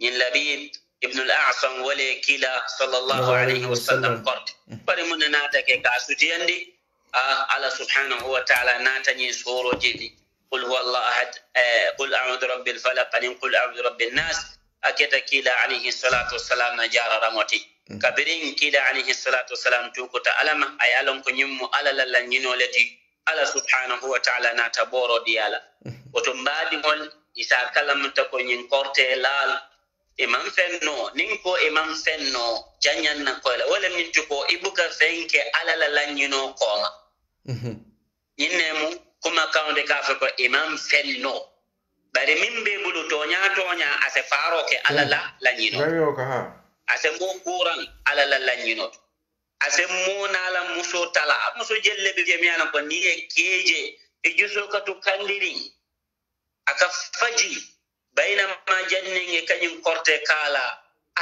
ñin labid ibnul asam wole kila sallllahu alayhi wasallam korde bari mune natake ka sutiyandi a allah subhanahu wa taala natañi soroje ɗi qul huwa llah ahad e, qul audu rabbi lfalak kanin qul audu rabbi lnas aketa kila alayhi salatu wasalam na jararamoti mm. kabirin kila alayhi salatu wasalam tukuta alama aye alon ko ñimmo ala lallanñinoleti allah subhanahu wa taala nata boro ɗi ala woto mm. mbaɗimol isa kalamta ko ñin korte laalo imam fenno nin ko imam fenno janyanna koyla wala min tuko ibuka fenke alala lanyino koma yinne mhm. mu kuma kawde kafe ko imam fenno bari min be bulu tonya tonya ase faro ke alala hmm. lanyino ase mo kuran alala lanyino ase mo nala muso tala muso jelle be jemiyana ko niye keje e jusokatu kandiri aka faji baynama janning e kañum korte kaala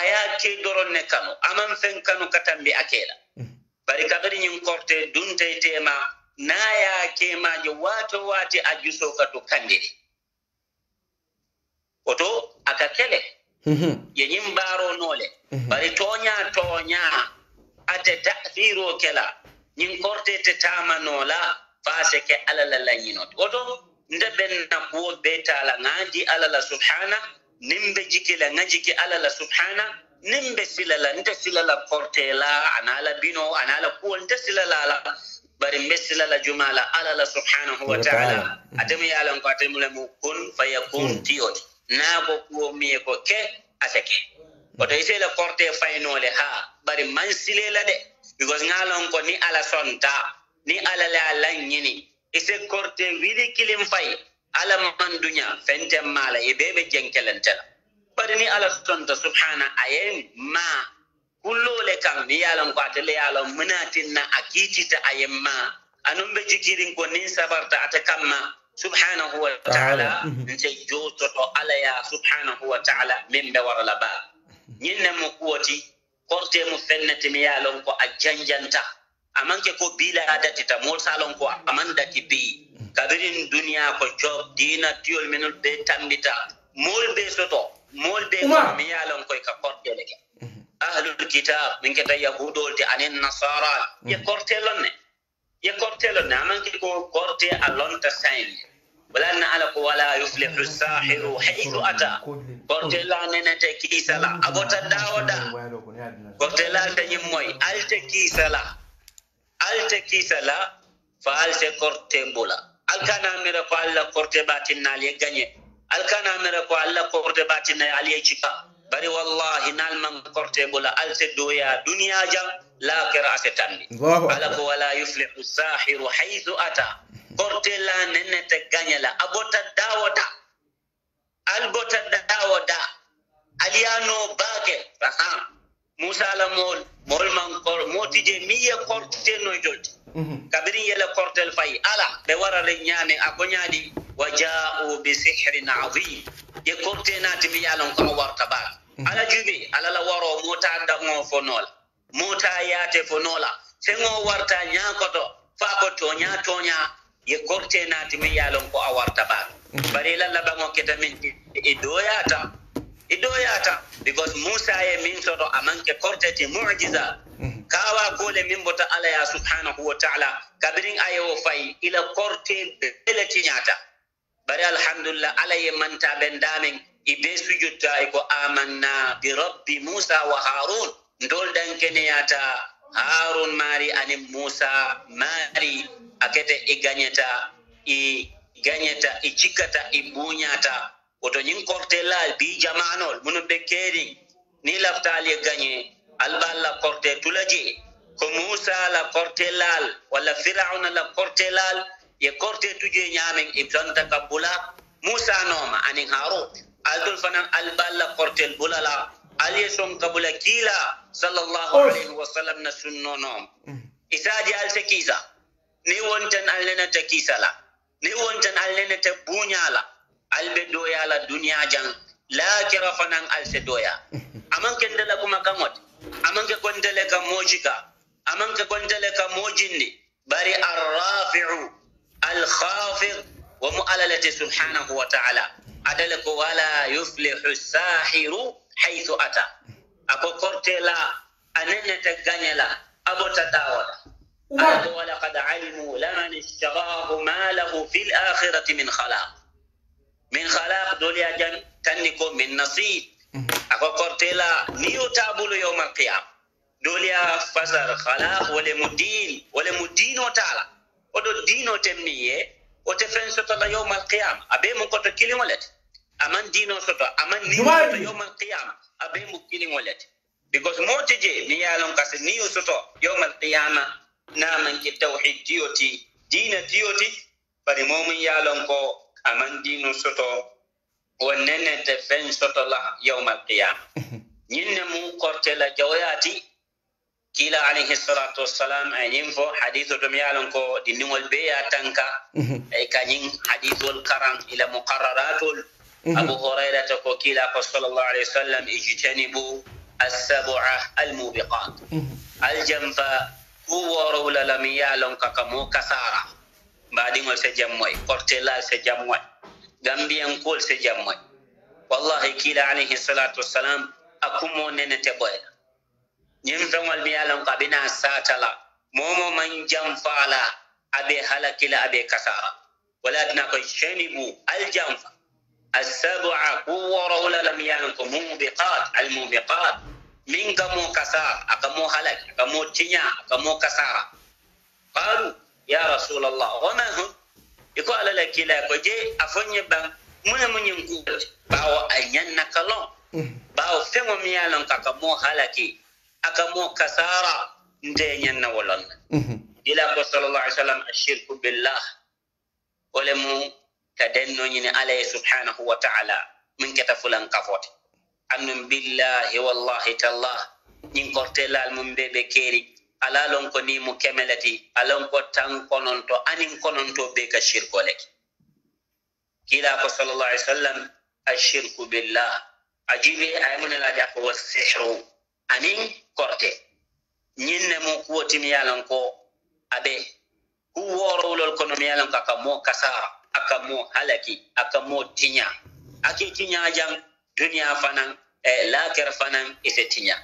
aya kedoron ne kano aman fen kano katambi akela mm. bari kabari ñin korte duntay tema naya kemajo wato wati a juso kato kandiri oto aka kele mm-hmm. ye ñin baro nole mm-hmm. bari toña toña ate tafiro kela ñin korte te tama nola fase ke alalalañinoto oto nde ɓen nabuwo ɓe taala ngaji alala subhana nin ɓe jikila ngajiki alala subhana nin ɓe silala nde silala portela anala bino anala kuwol nde silalala bari mbe silala jumala alala subhanahu wa taala atemi yalan ko atemule mu kun fayakun hmm. tiyoti nago kuwo miye ko ke aseke oto isela porte faynole ha bari man silela de because ngalon ko ni ala sonta ni alala lanyini ise korte wili kilim fay ala dunya fente mala e bebe jenkelentela bari ni ala sonta subhana ayen ma kullole kan ni yalan ko atele yalan munatin na akitita ayen ma anum be jikirin ko nin sabarta ata kamma subhanahu wa ta'ala mm-hmm. nte to ala ya subhanahu wa ta'ala min be warala ba mm-hmm. nyinne mo kuwoti korte mo fennete mi yalan ko a amanke ko bila dati ta mol salon ko aman dati bi mm. kabirin duniya ko cob dina tiyol minol be tambita mol be soto mol be ko mi yalon koy ka korte leke mm-hmm. ahlul kitab min keta yahudol te anen nasara ye mm. korte lonne ye korte lonne amanke ko korte a lonta sain wala na ala ko wala yuflihu sahiru haythu ata korte la nenete kisala abota dawoda korte la tañim moy alte kisala alta kiisala fa alte korte mbula alkanamira ko allah korte batinna aliye gagne alkanamira ko allah korte batinna aliye cika bari wallahi nalman korte mbula alte doya duniya jam lakira ate tanni ala ko wala yuflihu sahiru haisu ata korte la nenete gagne la abota dawota albota dawoda aliyano bake moussa ala mool mool man kor mootije miye korte noy jojde mhm. kabirin yele kortel fayi ala ɓe wara le ñaane ako ñaani wa jaau bi sihrin avim ƴe korte naati mi yalan ko a warta baala mhm. ala jumi alala waro moota damo fo noola moota yaate fo noola feŋo warta ñaakoto faa ko toña toña ye korte naati mi yalan ko a warta baala mhm. bari ilallaɓaŋo keta min e doyata yata because musa ya min soto amanke kortete mujiza mm-hmm. kawa gole min bota ala ya subhanahu wa ta'ala kabirin ayewo fayi ila korte beleti tinyata bari alhamdulillah ala ye manta ɓen damen ibe sujutta e ko amanna bi rabbi musa wa harun ndol yata harun mari anin musa mari akete i i gañeta i i bunyata. woto korte kortelal bi jamaanol munu be keriŋ ni laftaal ye gañe albal la korte tula je ko musa la korte kortelal walla firauna la korte kortelal ye korte tuje ñaamiŋ ibsanta ka bula musa nooma aniŋ harut aldol fanaŋ albal la kortel bula la al ye soŋ ka bula kiila sallallahu alayhi wasallam na sunno noom isaaji al se kiisa ni wonten al nenete kiisa la ni wonten al te buuña la albe doya la duniya jang la kira fanan alse doya aman kende la kuma kamot aman ke kondele ka mojika aman ke kondele ka mojindi bari arrafi'u alkhafid wa mu'alalati subhanahu wa ta'ala adala ko wala yuflihu sahiru haythu ata ako kortela anene taganyela abota dawala وَلَقَدْ عَلِمُوا لَمَنِ اشْتَرَاهُ مَا لَهُ فِي الْآخِرَةِ مِنْ خَلَاقٍ min khalaq doliya jan tanni ko min nasi ako kortela niyo tabulu yawm alqiyam doliya fasar khalaq wala mudin wala mudino taala odo dino temmiye o te fen sotota yawm alqiyam abe mu koto kilimo lete aman dino soto aman niyo soto yawm alqiyam abe mu kilimo lete because motije mi yalon kasi niyo soto yawm alqiyama naman ki tawhid tiyoti dina tiyoti bari momin yalon ko aman dinu soto wonene nenete feŋ soto la yawma qiyam nin ne mu korte la jawati kila alayhi salatu wassalam ay ñiŋ fo hadithu dum mi ye a loŋ ko dindiŋol bee ye tanka ka ñiŋ hadithul karam ila muqarraratul abu hurayra hurairata ko kila ko sallallahu alayhi wasallam ijtanibu as-sab'a al-mubiqat al la mi ye a loŋ ka ka moo kasaara mbaɗigol se jammoye portelage se jammoye gambiyankol se jammoye wallahi kiila alayhi salatu wassalam a kummo nenete ɓoyla ñin feŋol mi satala momo man jam faala aɓe halakila abe kasara wala tina ko janibu aljanfa assab'a ku worowlala mi yalon ko mubiqat almubiqat min gamo kasara agamo halak agamo tiña agamo kasara qalu يا رسول الله وما هم يقول لك لا كجي أفني بام من من يقول باو أين نكلون باو فيهم ميالون كمو هلاكي أكمو كسارة دنيا نولن إلى أن صلى الله عليه وسلم الشرك بالله ولمو كدنو يني عليه سبحانه وتعالى من كتفلان كفوت أن بالله والله تالله ينقر تلال من بيبي كيري ala lonko ni mo kemelati alonko tan kononto anin kononto ɓe ka sirkoleke kila ko sal llah alih w sallam ashirku billah ajibe ayimonelade ako wo sehru anin korte ñinne mo kuwotimi yalonko aɓe ku worowulol kono mi yalonko aka mo kasara aka mo halaki aka mo tiña ake tiña jam duniya fanan e lakere fanan ise tiña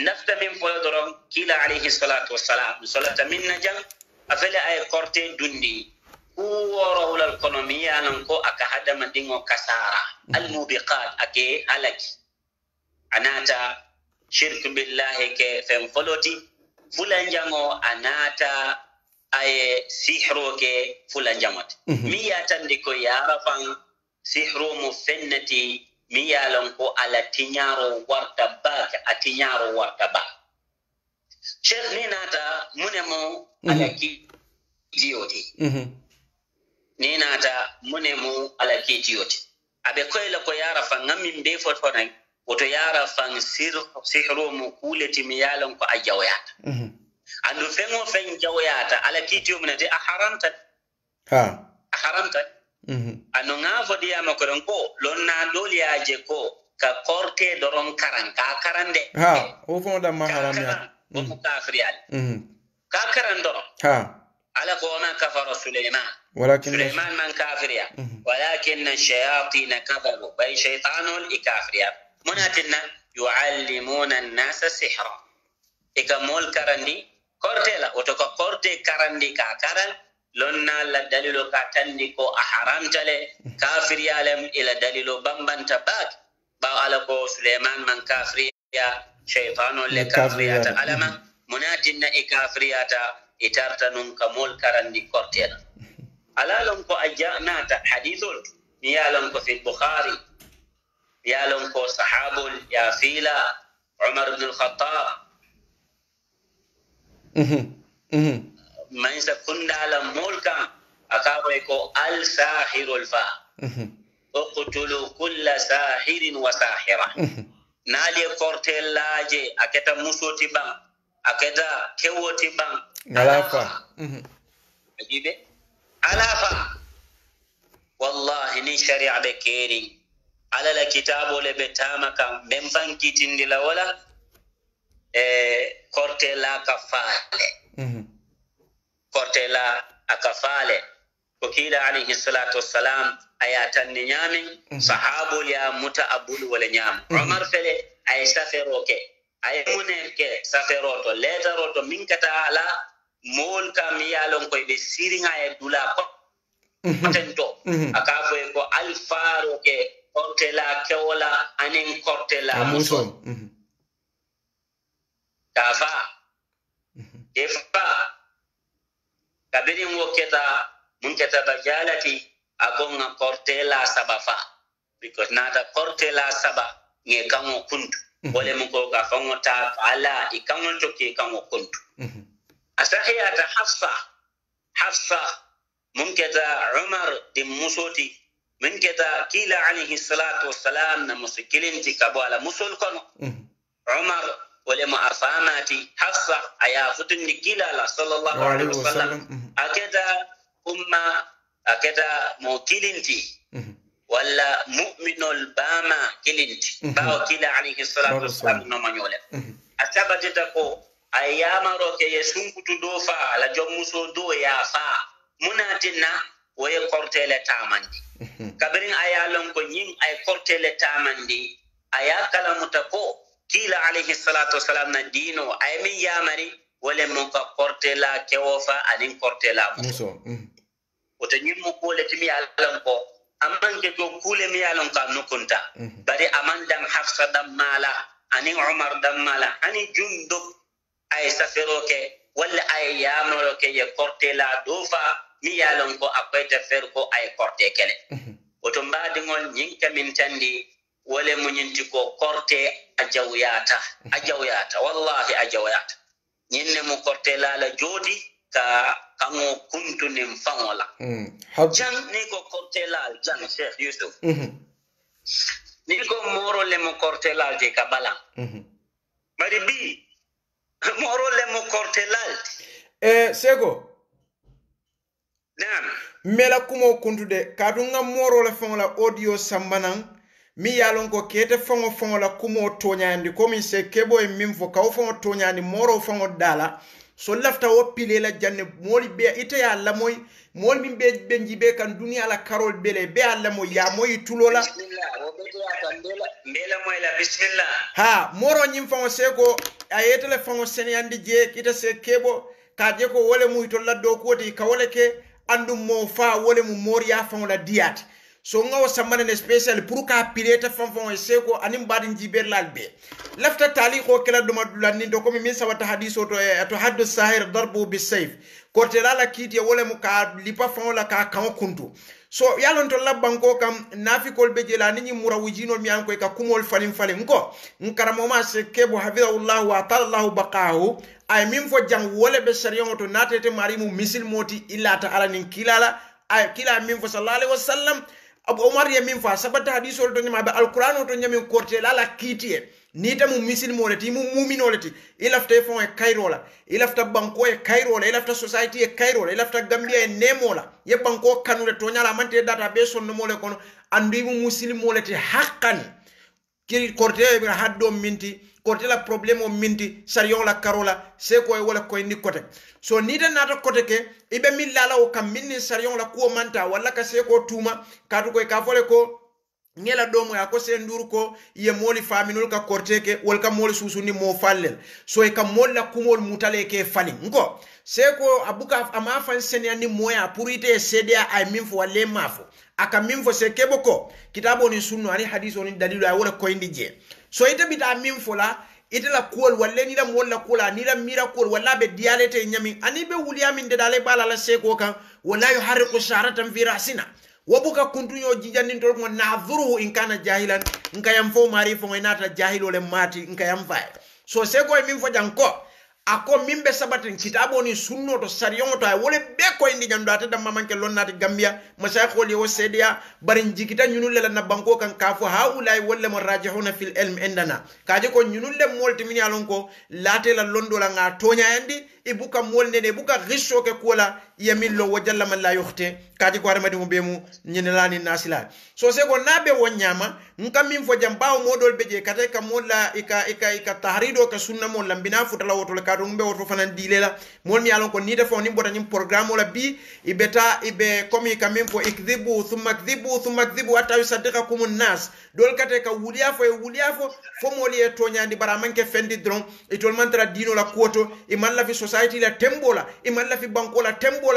nafta min fo dɔrɔn kila alayhi salatu wassalam solata min na jan a korte a ye dundi ku wɔɔrɔ wulal kɔnɔ min ye ko a ka hadamadenŋo kasara almubiqat a ke halaki a naata billahi ke fen foloti fulanjaŋo a naata a ye sihiro ke ti min ko yaara faŋ sihiro mu ti? mi ye ko ala tiñaaro warta baake a tiñaaro warta ba cheikh ni mhm. mhm. naata mune mo ala kiitiyo ti ni naata mune mo ala kiitiyo ti aɓe koyla ko yaara fan ngam min mbe foto nan woto yaara fan sihro mo kuuleti mi yaalon ko a jawyaata andu feŋo o feŋ jawyaata ala kiitiyo mune te a haramtat a haramtat Mm-hmm. a no ŋaafodiyama koɗen ko lonna doliyaje ko ka korte doron karan ka karande ofoɗamaharamyaomo mm-hmm. kafriyal mm-hmm. ka karan doron ala ko wona kafaro suleiman suleiman man kafriya walakinna shayatina kafaru bay shaitanol i kafriya monatinna yuallimuna annasa sihra ika e mol karandi kortela otoka korte karandi ka karal lonna la dalilo ka tandi ko a haramtale kafiriyalem ila dalilo bambanta baake ɓaw ala ko suleiman man kafiriya cheytanol le kafiriyata alama munatinna e kafiriyata e tarta nun ka mol karandi kortena ala lon ko a janata hadisol mi yalon ko fi lbouhari yalon ko sahabol ya fiila umar bnulkhatab man sa kundala mulkan akaway ko al sahirul fa oktulu mhm. kulla sahirin wa sahira mhm. naalie kortellaaje a keta musoti ɓan a keta kewoti ɓan alafa mhm. ajiɓe alafa wallahi ni sharia ɓe keeri alala kitabole ɓe tama kan ɓen fankitindila wala e kortella ka faale mm -hmm. kortela aka faale ko kiiɗa alayhi salatu wassalam a yatanni ñaamin mhm. sahabol ya muta abul wala ñaam mhm. omar fele aye safero ke aye munenke saferoto letaroto min kata ala mowol ka mi yalon koye ɓe siriŋaye dula kotento mhm. aka foye ko alfaro ke kortela kewola anin kortela muso kafa defa kabini wo keta mun keta a jalati agonga korte la saba fa because nata korte la saba nge kango kundu mhm. wole mun ko ka fango ta ala ikango to ke kango kundu mhm. asahiya ta hafsa hafsa mun keta umar di musoti mun keta kila alihi salatu salam na musikilin ti kabo ala musul kono mhm. umar wolema a fanati hassa a yafutinni kilala sallllahu alahi wa sallam mhm. a keta umma a keta mo kilinti mhm. walla muminol bama kilinti mhm. bawo kila alayhi salatu wasalam nomañole a sabatita ko a yamaroke ye sunkutu do fa ala jommuso do ya fa munatinna woye kortele tamandi kabirin a yalon ko ñin ay kortele tamandi a ya kalamuta ko kiila alayhi salatu wasalam na diino ay min yamari wole mon ka kortela kewo fa anin kortela mm. mu woto ñimmu kuule timi yalon ko amanke go kuule mi yalon ka nukunta mm. bari aman dan hafsa dan mala anin umar dan mala ani jundo ay safero ke walla ay yamaro ke ye kortela do fa mi yalon ko akoyta fer ko ay korte kele mm-hmm. woto mbadi ngol ñin kamin tandi wole muñinti ko korte a jawyata a jawyata wallahi a jawyata ñinne mu korte laala joodi ka kamo kuntunin fanola hmm, jan ni ko korte laal jan chekh yusuf mhm. ni ko moro lemu korte laal mhm. [LAUGHS] e, de ka balan bari bi moro lemu korte laal e seego nam mela kumo kuntude kadu ga moro la fanola audio sambanan mi yalon ko kete fango fango la kumo tonyandi ko min se kebo e min fo kaw fango tonyandi moro fango dala so lafta wo pile la janne moli be ite ya la moy mol min be benji be kan duniya la karol bele be ala moy ya moy tulola mela moy la bismillah ha moro nyim fango se ko ayete le fango senyandi je kite se kebo ka je ko wole muy to laddo ko ti kawole ke andum mo fa wole mu moriya fango la diati so wa sammane ne special pour ka fon fon e seko anin mbaɗi jiberlal ɓe tali taliko kela ɗuma ɗulannin to komi eh, min sawata hadis o to to haddu sahir darbu bi saif la kiiti e wolemo ka fon la ka kan kuntu so yalon to ko kam nafikol be jela niñi mura an ko e ka kumol falin falim ko n karamoma se habira hafidahullahu wa allah baqahu ay min fo jang wole be sarion to natete marimu misil moti ta ala nin kilala ay kila min fo sallallahu alih wa sallam abu omar ye min fa sabata hadisol to ñama ɓe alqouran o to la kortel ala ni ta mu mo ti mu muminole ti i lafta e fon e cairo i ilafta banko e cairo i ilafta society e cairo i ilafta gambia e la ye banko kanule toñala mante e data ɓe sonnomole kono andu imu musilmole ti haqqan korte e haddo minti kote la problème o minti sariyon la karo la seko e wala e ni kote so ni nita nata kote ke ibe min lala o kam min ni sariyon la kuwo manta walla ka seko tuma katu koy e ka fole ko ŋela domo ya ko senduru ko ye moolu faaminolu ka korte ke wolu ka moolu susundi moo fallel so i ka moolu la kumoolu mutale ke faliŋ nko ko a buka a maŋ faŋ seneyandi moya pour ite ye sedeya a ye miŋ fo walla ye maŋ fo a ka miŋ fo se kebo ko kitaabo niŋ sunnu aniŋ hadisoo niŋ dalilu a ye wo le koyindi jee so ite bita min fola ite la kuol walle ni la mol la kuola ni la mira kuol walla be diale te nyami ani be wuliya min de dale bala la seko kan wala yuhariqu sharatan fi rasina wabuka kuntuño jijannin tol na nadhuruhu in kana jahilan nkayam fo mari fo nata jahilo le mati nkayam faye so seko e min fo ko ako min be sabatin kitabo ni sunno to sariyon to ay wole be ko indi nyando ata damma manke lonnati gambia masaykhol yo sedia barin jikita nyunul la na banko kan kafo haula wolle mo rajihuna fil ilm indana kaje ko nyunul le molti min alon ko latela londola nga tonya i buka moolu nene i buka risoo ke kuwo yamin lo ye miŋ wo jalla la yoxite kaati ko hadamadiŋo bee mu ñinilaa nasila so se ko niŋ a be wo ñaama nka miŋ fo jam baawo modol doolu be je kata ka moolu la i ka i ka i ka taharidoo ka sunna moolu la mbinaa futa la woto le kaatu ŋun be woto fanan diile la moolu mi ye a loŋ ko niite faŋo niŋ bota ñiŋ programme la bi i be taa i be comme i ka min fo ikdhibu thumma kdhibu thumma kdhibu hatta yusaddiqakum nnas doolu kata i ka wuliya fo ye wuliya fo fo moolu ye tooñaandi bara manke fendi dron itolu maŋ tara diinoo la kuwo to i maŋ lafi sos society la tembola la i maŋ lafi banko la tembo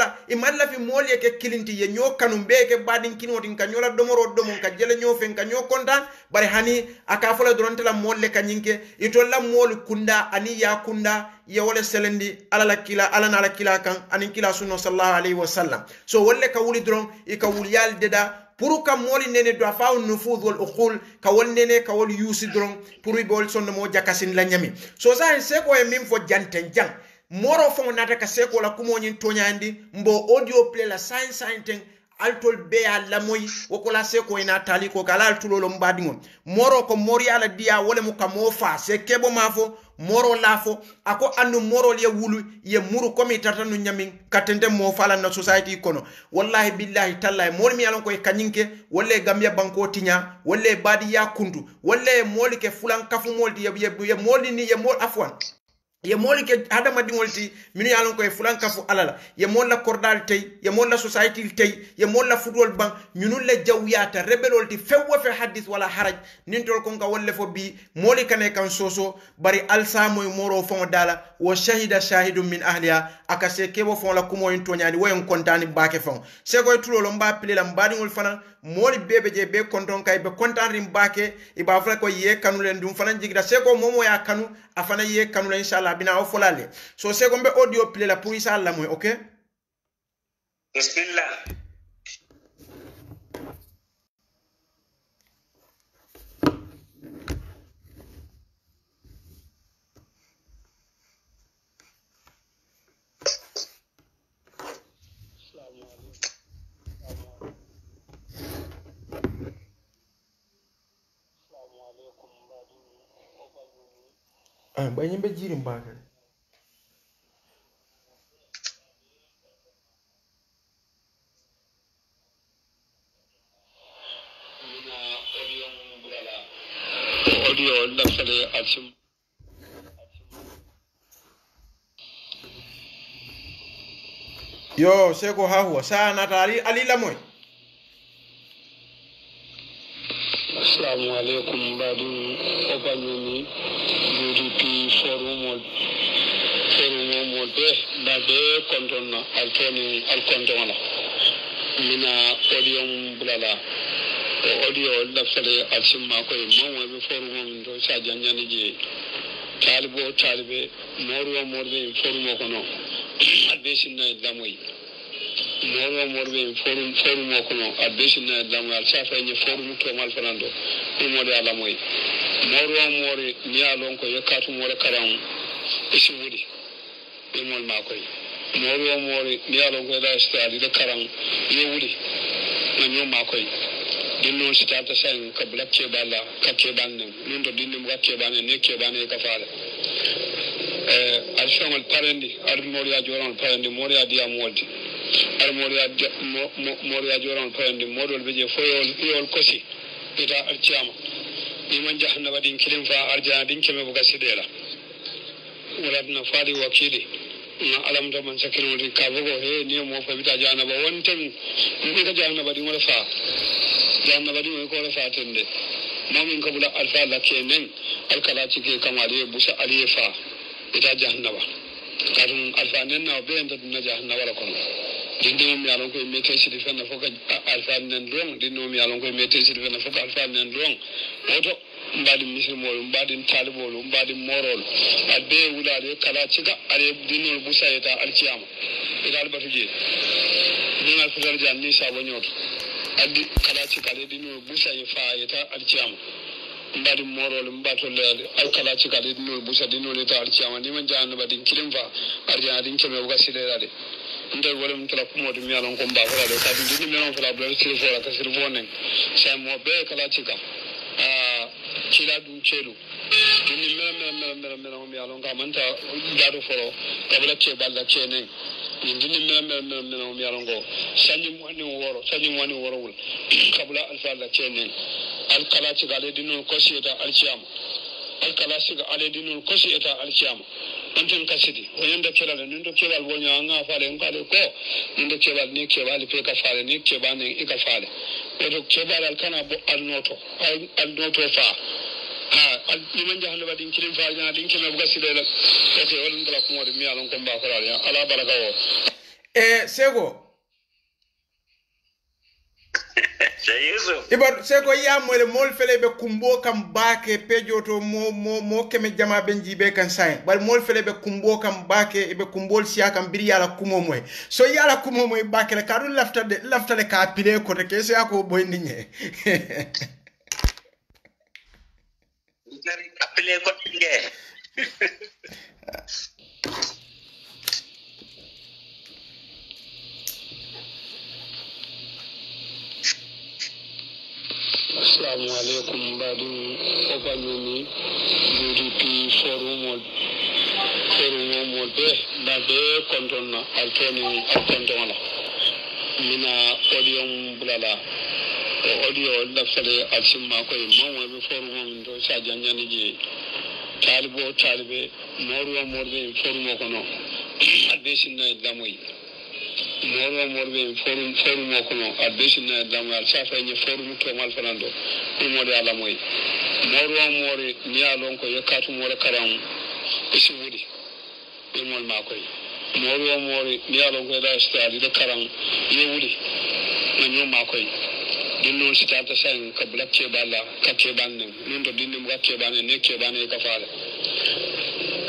ke kilinti ye nyo kanu be ke baadin kiniŋo ti nka ñoo domoro domo nka jele nyo fen nka nyo konta bari hani aka fola fo la doronte la moolu ka nyinke ke la molu kunda ani ya kunda ye wo selendi ala la kila ala na la kila kan ani kila sunna sallallahu alaihi wasallam so wolle ka wuli dron e ka yal deda pour ka moli nene do a on nufuz wol uqul ka wol nene ka wol yusi dron pour bol be mo jakasin la nyami so se ko e miŋ fo janten jang. moro fo nata ka seko la kumoñin toñandi mbo audio play la sain sain ten altol beya lamoy woko la seko ina tali ko kala altulo lo mbadingo moro ko moriya la diya wole mo ka mofa se kebo mafo moro lafo ako andu moro ye wulu ye muru komi tartanu nyamin katende mo fala na society kono wallahi billahi tallahi mor mi alon ko e kanyinke wolle gambia banko tinya wolle badi ya kundu wolle molike fulan kafu moldi ye ye moldi ni ye mol afwan ye molike hadamadiŋol ti minu ye a lonko ye fulankafu ala la ye moolu la kordaalu tey ye moolu la sosayetil tey ye moolu la fuduwolu baŋ ñunu la jawuyaata rebelol ti few wo fe hadis wala haraj niŋ tol konka wolu le fo bi mooli kana ye kaŋ soso bari alisaamoyi mooro faŋo daa la wo sahida sahidum min ahliya a ka see kebo faŋo la kumoyin toñaani wo ye n kontaani baake faŋo seko ye tuloolo m be pile la m baadiŋolu fanaŋ moori beɓe je be konton kay ɓe contantin baake iba fana ko ye kanulen ɗum fana jigita seko momo ya kanu a fana ye kanula inchallah bina o folale so seko mbe audio pilela pour inchallah moy ok bismillah banyi mbegiri mbagala audio lafale asim yo seko hahuwa sana tari alilamoy Assalamu alaikum badu ọbanyami lórí bí fọrùmọl fọrùmọl bẹẹ dàbẹ kọńtọnà alikẹni alikọńtọnà mina ọdiyọn bulala e, o ọdiyọ lafẹlẹ alisimako ye mọmọ bẹ fọrùmọl dọ sajanjani je taalibo taalibe mọriwa mọribe fọrùmọ kọnọ [CLEARS THROAT] a bẹ sinna ye lamɔ ye. moɗo morɓe forum forum o kono abbesine damoyal safañe forum tomal fanando ɗum moɗo alamoye moɗo moore miya lon ko yekkatumore karam e siwudi ɗumol makoye moɗo moore miya lon ko eɗa sitadide karam yewudi no ñom makoye ɗin noon sitata sahen ka bulak keɓalla ka keɓan nen ɗum to ɗinnim ka keɓane ni keɓane e ka faala eh, e aɗa fewgol parendi aɗa moriya joranol parendi moriya diyam wolde ar moɗoya joran koyande moɗol ɓe je foyol iyol kosi ita ar ciyama iman jahannaba ɗin kilim fa arjana ɗin keme boga siɗela walatna faɗi wakkili na alam to man sakkinodi ka fogo he ni mo famita jahanaba wonten ɗika jahanaba ɗin wala fa jahanaba ɗin woni ko wala faten de mamin kabula alfa lakke nden alkala cike kam aliye busa aliye fa ita jahannaba katum alfa nden nawa ɓe entatuna jahannaba la kono ndinoom yaalon koye me tesidi fenna fof ka alfaani nan doon ndinnoom yaalon koye me tesidi fenna fof ko alfaani nan doon oto mbaɗin misilmoɗo mbaɗin taliɓolo mbaɗin morolo adde e wulaade kala cika aɗa dinnol busayeta alkiyama ita albatu jeeɗi ɗon alfital jan ni sabo ñooto addi kala cika aɗa dinnol busaye fayeta alkiyama mbadi morol mbato leer ay kala cika de dinol busa dinol eta arciama ni man jahannaba din kilim fa arjana din keme buga silerade nta wala mun tala kuma dum ya lan ba fara da sabi dum ne nan fara bla sai fara ka sir fone sai mo be kala cika ah kila dum celu dum ne mera mera mera mera mera mun ya lan ka manta da do foro ka bla ce balla ce ne nin dum ne mera mera mera mera mun ya lan ko sanni mo ni woro sanni mo ni woro wul ka bla alfa la ce ne al kala cika le dinun ko shi ta al ciyama al ale dinun ko shi ta anten kasidi wonen do kelal nin do kelal wonya nga fale ngale ko nin do kelal ni kebal pe ka fale ni kebal ni ka fale be do kebal al kana bo al noto al noto fa ha liman jahan da din kirin fa jana din kirin buga sidai la ko wala ndala kuma da miya lon kon ba ko ala baraka wo e sego ibar sey ko yiyamole mol fele ɓe kumbo kam baake peejo to mo mo mo keme jama ɓen be kan sayen ɓar mol fele ɓe kumbo kam baake ɓe kumbol siya kam biri yala kumo moye so yala kumo moye baakele ka ɗum laftade laftade ka pile te ke ya ko boyndi ñe appelé kote nge [LAUGHS] [LAUGHS] Salam alekum, badi opan meni, yoripi soru mwote. Soru mwote, eh, nade konton alpon mweni. Alpon ton wala. Mina odi yon blala, eh, odi yon lafsele alsimakwe. Mweni soru mwote, sa janjan nje. Talibo talibe, moru mwote soru mwokono. [COUGHS] Albe sinon edamoye. moro morɓe forum forum o kono adde sinna e damgal safañe forum tomal fanan ɗo ɗumode alamoye moro more miya lon ko yekkatumore karam e siwudi ɗumol makoye moro more miya lon ko eɗa sitadide karam yewudi no ñom makoye ɗin noon sitata sahen ka bula keɓalla ka keɓan nen ɗum to ɗinnim ka keɓane ne keɓane e ka faala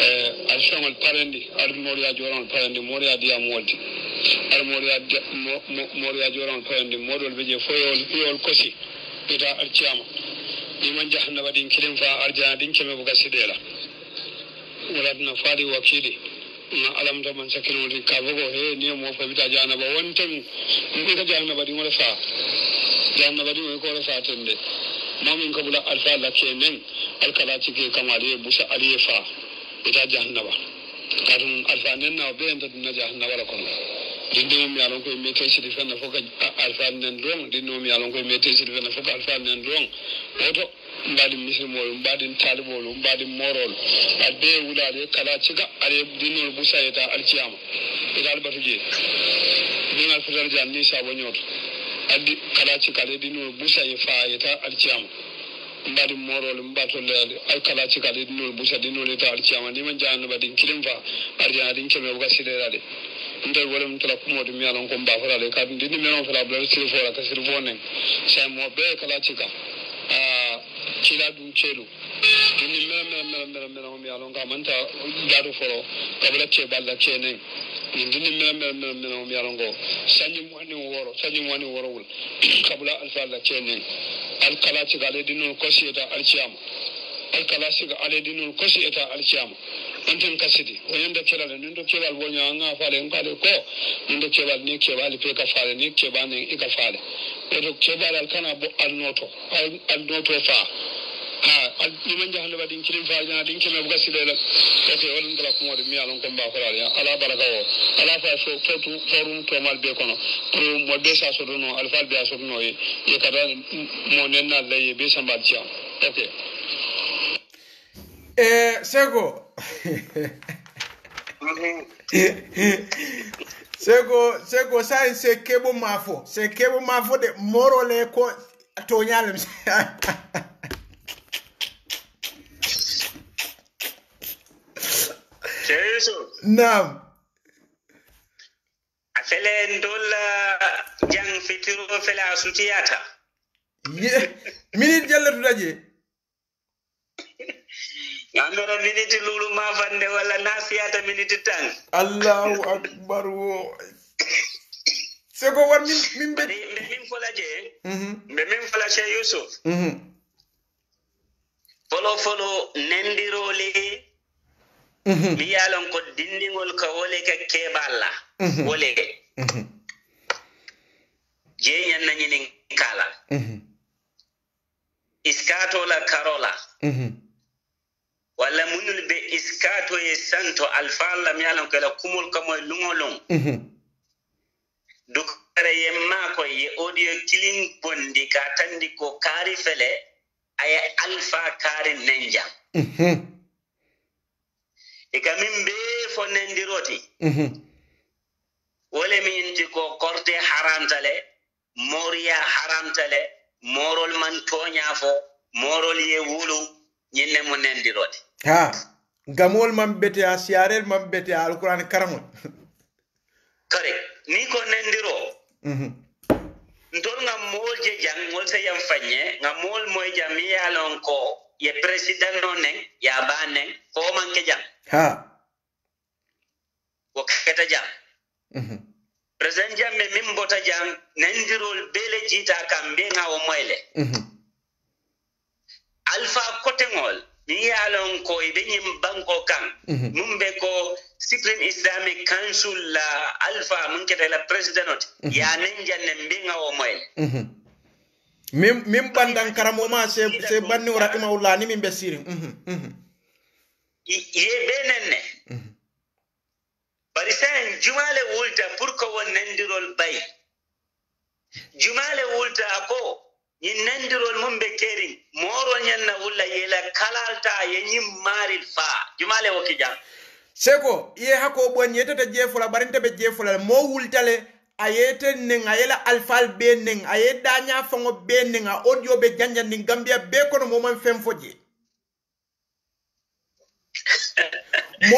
eh, alfeŋol parendi aɗum moriya joranol parendi moriya diyam wolde ar moɗoya joran koyande moɗol ɓe je foyol ɓiyol kosi ɓeta ar ciyama ɗiman jahannaba ɗin kiɗen fa arjana ɗin keme boga siɗela walatna faali wakkili na alamta man sakkinodi ka fogo he ni mo famita jahanaba wonten ɗika jahanaba ɗin wala fa jahanaba ɗin woni ko wala faten de mamin kabula alfa lakke nden alkala cike kam aliye busa aliye fa ita jahannaba katum alfa nden nawa ɓe en jahannaba la kono ɗin ɗo mi alon koye me taysiri fenna fof ka ah, alfaade nan don ɗin ɗo mi alon koye me taysiri fenna fof ka alfaade nan don oto mbaɗin misilmol mbaɗin taalibol mbaɗin morol aɓe wulade kala cika aɗa dinnol busayeta alciyama ita albatu jee ɗin alfitar jan ni sabo ñooto addi kala cika aɗa dinnol busaye fayeta alciyama mbadi morol mbatol ay kala cika aɗa dinnol busa dinnol eta alciyama ndima jahannaba ɗin kilim fa arjana ɗin keme oga siderade nta wala mun kala kuma miyalon ko kon ba fara le kadin din menon fara bla sir fora ka sir fone sa mo be kala cika a cila dun celo din mena mena mena mena mena mun yalan ka manta gado foro ka bla ce balla ce ne din din mena mena mena mena mun yalan go sanyi mo ni woro sanyi mo ni woro wul ka bla alfa la ce ne al kala cika le din ko sieta al ciyama alkala siga aledi nun kosi eta alkiyama anten kasidi wonen do kelal nun do kelal wonya anga fale ngale ko nun do kelal ni kebali pe ka fale ni kebani e ka fale eto kebal alkana bo alnoto alnoto fa ha liman jahan da badin kirin fa jana din kime buga sile la okay wannan dala kuma da miya lon komba ko ya ala baraka wo ala fa so fotu forum to mal be kono pro mo be sa so no alfa be so no ye ye kada mo nenna la ye be sambal cha okay Eh, Sego. sego sego san se kebo mafo se kebo mafo de moro le ko to nyalem Cheso Naam Afele ndola jang fitiro fela sutiyata Ye minit jallatu daje amera minute luluma fande walla nafiyata minute tan allahu akbar wo sego war min min be mbe min folaje mbe min fola che mhm. yusuf mhm. folo folo nendirole mbiyalon mhm. ko dindigol ka wole ke keɓalla wole jeñannañinin kala iskatola karola mm -hmm. walla munul ɓe iskatoye santo alfalla mi alam kala e kumol kamoye lugolon mhm. dukare yemmako ye audio e kilin bondi ka tandi ko kaari fele aya e alpha kaari nenjam mhm. eka min bee fo nendiroti mhm. wole mi inti ko korte harantale moriya harantale morol man toñafo morol ye wulu ñinne mu nendirode ha gamol mam bete a siarel mam bete a alcourane karamol kare ni ko nendiro mhm. ntol ngam mool je jang mool se yam fagne ngam mool moy jam mi yalon ko ye président no neng ya ba neng ko manke jam ha ko keta jam mhm. president jam me min bota jam nendirol bele jita kam be ngawo moyle mm -hmm. alpha koteŋol min ye ko e be nyim banko kan mhm. muŋ be ko supreme islamic council la alpha mun ke la president mhm. ya nen janne mbiŋ a wo moyi mim min pandan bandan karamo ma se se banni wara imawulla ni min be sirin ye be nenne ne mhm. bari wulta pour ko wo nendirol bay jumale wulta ko nanndirol mum ɓe keri morol ñalna wulla yela kalalta ye ñim maaril faa jumale wokki jam seko iye hako ɓon yetata jeefola ɓarinta ɓe jeefola mo wultale a yeete neng a yela alfal be neng a ye daña faŋo be neng a odio ɓe janja ni gambiya be kono momon fen fo je [LAUGHS] mo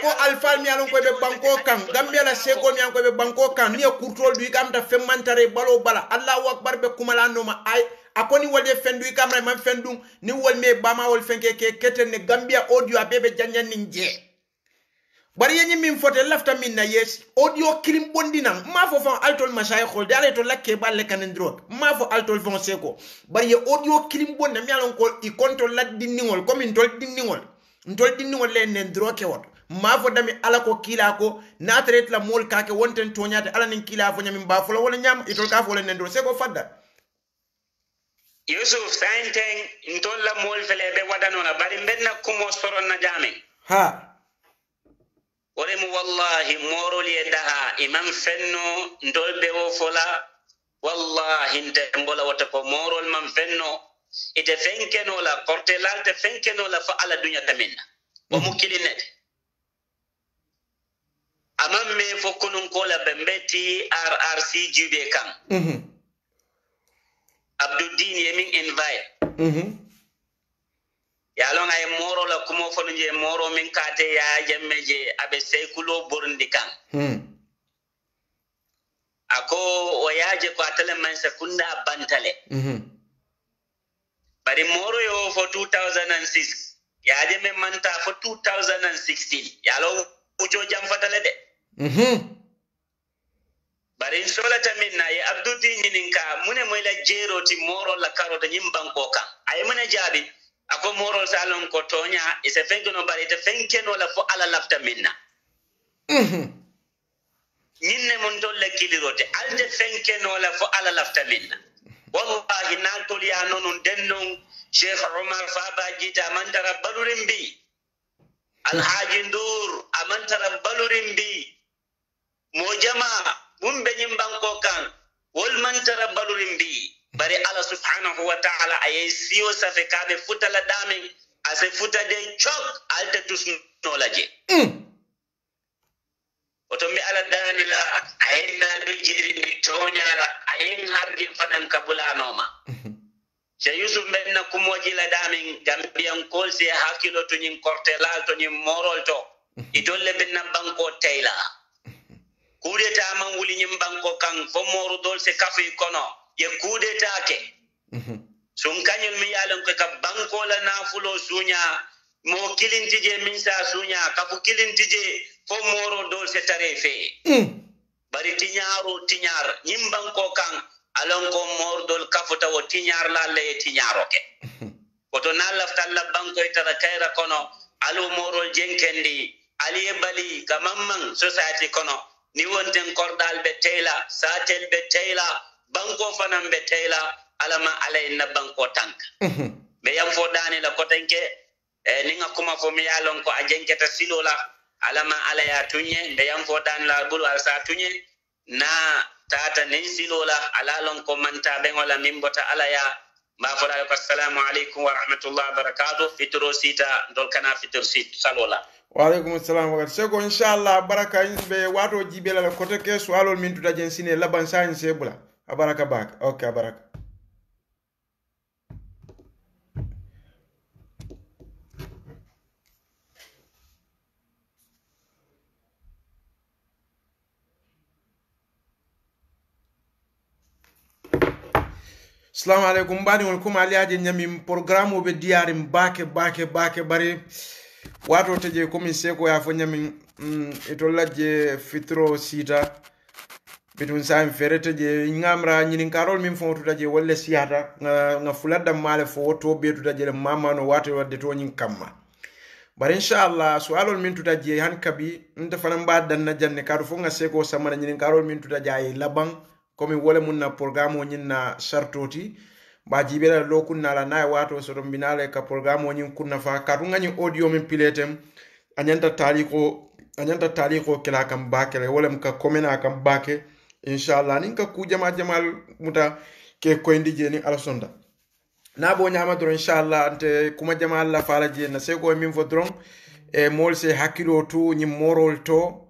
ko alfal mi alon koɓe banko kan gambia la seko mi alon koɓe banko kan ni e kurtol du ikamta femmantare balo bala allahu akbar ɓe kumalanoma ay a koni wol ye fen du ikamra man fen ɗum ni wol e bamawol fenke ke keten ne gambia audio a ɓeɓe janñannin jee bari yeñi min fote lafta min na yes audio kilim bondinan ma fo fon altol masayihol de ala to lakke balle kanen drot ma fo altol fon seko bari ye audio kilim bonda mi alon i kontol la dinniŋol tol dinniŋol ntol ɗinni wolle nen duro kewol mafo dami ala ko kila ko natretla mol kake wonten toñate ala nen kila fo ñamin ba fola wala ñama itol ka fola nen duro se ko fadda yusuf sainteng ntol la mol fele be wadanona bari benna kumo soron na jame ha oremu wallahi morol ye daha imam fenno ntol be o fola wallahi ntembola wota ko morol man fenno ite fenkenola porté lalte fenkenola fo ala duña taminna o mm. mukkiɗi neɗe aman me fo konunkola ɓe mbetti rrc juɓe kan mhm. abdudine yemin invit mhm. yalonga e morola kumo fono je moro min kate ya jemme je aɓe seykulo borndi kan hmm. ako o yaje ko a tele man sakunda bantale mm -hmm. bari moroyo fo 2006 yaaje min manta fo 2016 yalo wuco jam fatale de mhm. bari n solata min naye abdudi ñinin ka mune moyla jeeroti morol la karota ñin banko kan aye mune jaabi ako morol salon ko toña e se fenkeno bari ite fenkenola fo ala lafta min na mhm. ñin ne mon tolla kilirote alte fenkenola fo ala lafta min na wallahi nantoliya noon ndennon cheikh omar faba jiita amantara balurin mbi alhaji ndour amantara balurin mbi mo jama ɗum ɓe ñimbanko kan wolmantara balurin mbi bari allah subhanahu wa taala aye siyo safe kaɓe futala ɗamen ase futade cok alta tusnolaje mm. o to mbi ala daanila a hennaalel jiɗirini toñala a yen harde fanan kabulanoma [LAUGHS] se yusuf mbenna kumojila ɗamin gambiyankol si hakkilo toñin kortelal toñin morol to i dolle benna banko teyla [LAUGHS] kuudetaman wuliñin banko kan fo morudol si kafuy kono ye kuudetake [LAUGHS] sun kañol mi yalonko ka bankola nafulo suña mo kilintije min sa suña kafu kilintije fo moro dol se tare fe mm. bari tiñaaro tiñaar ñimbanko kan alonko mordol kafuta wo tiñaar lallaye tiñaaroke koto [LAUGHS] na laftalla bankoy tara kayra kono alu morol jenkendi aliye bali ka mamman society kono ni wonten kordal be teyla satel be teyla banko fanan be teyla alama alayenna banko tanka [LAUGHS] be yam fo danila kotenke eh, ninga kuma fo mi yalon ko a jenketa silola alama ala ya tunye ndeyam fo dan la bulu al sa tunye na tata nin silola ala lon ko manta ben min bota ala ya ma fola ko assalamu alaikum wa rahmatullahi wa barakatuh fitro sita dol kana fitro sit salola wa alaikum assalam wa seko inshallah baraka insbe wato jibela ko to ke swalol min tuta jensine laban sa insebula abaraka bak okay abaraka salamu aleykum ɓani won comme aliyaji ñamin programme oɓe diyari baake bake bake bari wato teje komin sekoya fo ñamin eto mm, lajje fitro sita bitun sami fere teje ngamra ñinin karol min fo tutaje walle siyata nga fuladdan male fo to be tutaje le mamano wato wadde to ñin kamma bari inchallah sualol min tuta je han kabi nta fanan mba danna janne kaatu fo nga seko samana ñinin karol min tuta je aye laban komi wole mun na programme o na chartoti ba jibela lo kun na la naye wato so soto binale ka programme o kun na fa katu gañi audio min piletem anyanta tariko anyanta tariko ñanta kam bake le bakele wolem ka komena kam bake inshallah nin ka ku ma jamal muta ke ko indi jeni ala sonda na bo ñama doron inshallah ante kuma jamal la fala jeni se ko min fo doron e mol se hakilo to ñin morol to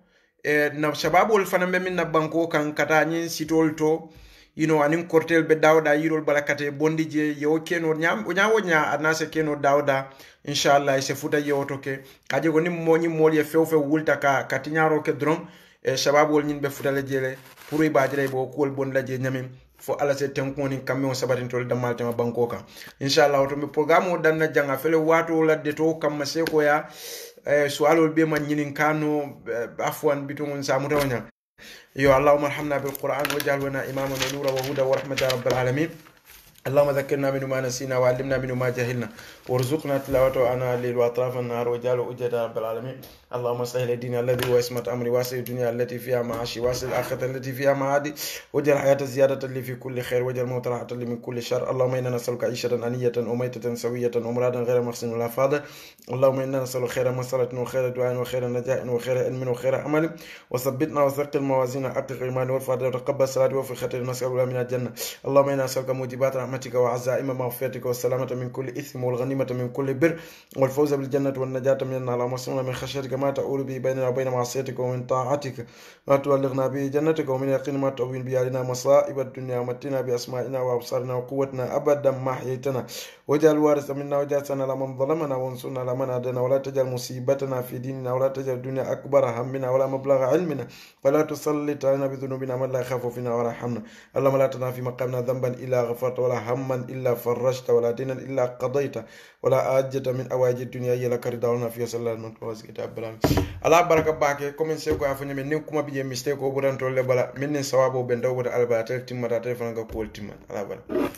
Eh, na sababol fana be min na banko kan kata ñin sitol to you know anin kortel be dawda yirol bala kate bondi je yewo keno nyam o nyawo nya anase keno dawda inshallah ise futa yewo to ke kaje ko nim moñi mol ye few few wulta ka katinyaro ke drom e eh, sababol ñin be futale jele pour ibajire bo kol la je nyamin fo ala se tenkoni kambe on sabatin tol damal tema banko kan inshallah to mi programme o danna janga fele wato ladde to kamma se ko ya e suwalol ɓe man ñinin kano afwan bitugun samutawo ña yo allahuma arhamna bilquran wajalwana imaman wa nura wa huda wa rahmata rabbilalamin اللهم ذكرنا منه ما نسينا وعلمنا منه ما جهلنا وارزقنا تلاوته انا الليل واطراف النهار وجعله اجدا رب العالمين اللهم صل لي ديني الذي هو عصمة أمري واسع الدنيا التي فيها معاشي واسع الآخرة التي فيها معادي وجعل الحياة زيادة لي في كل خير وجعل الموت راحة لي من كل شر اللهم إنا نسألك عيشة أنية وميتة سوية ومرادا غير محسن ولا فاضل اللهم إنا نسألك خير مسألة وخير دعاء وخير نجاء وخير علم وخير عمل وثبتنا وثق الموازين حقق إيمان وارفع تقبل الصلاة وفي خطر نسأل من الجنة اللهم إنا نسألك موجبات رحمتك وعزائم مغفرتك والسلامة من كل إثم والغنيمة من كل بر والفوز بالجنة والنجاة من النار اللهم من خشيتك ما تؤول به بيننا وبين معصيتك ومن طاعتك ما تبلغنا به جنتك ومن يقين ما تؤوين به علينا مصائب الدنيا ومتنا بأسمائنا وأبصارنا وقوتنا أبدا ما حييتنا واجعل وارث منا وجاسنا لمن ظلمنا وانصرنا لمن عدنا ولا تجعل مصيبتنا في ديننا ولا تجعل الدنيا أكبر همنا ولا مبلغ علمنا ولا تسلط علينا بذنوبنا من لا يخاف فينا ولا يرحمنا اللهم لا تدع في مقامنا ذنبا إلا غفرت ولا هما إلا فرجت ولا دينا إلا قضيت ولا أجد من أواجه الدنيا لك رضا لنا في صلى الله عليه وسلم ala baraka bake commencé ko afa nyame ne kuma bije mistake ko buran to le bala minne sawabo be ndaw bota albata timmata te fana ga ko timman ala baraka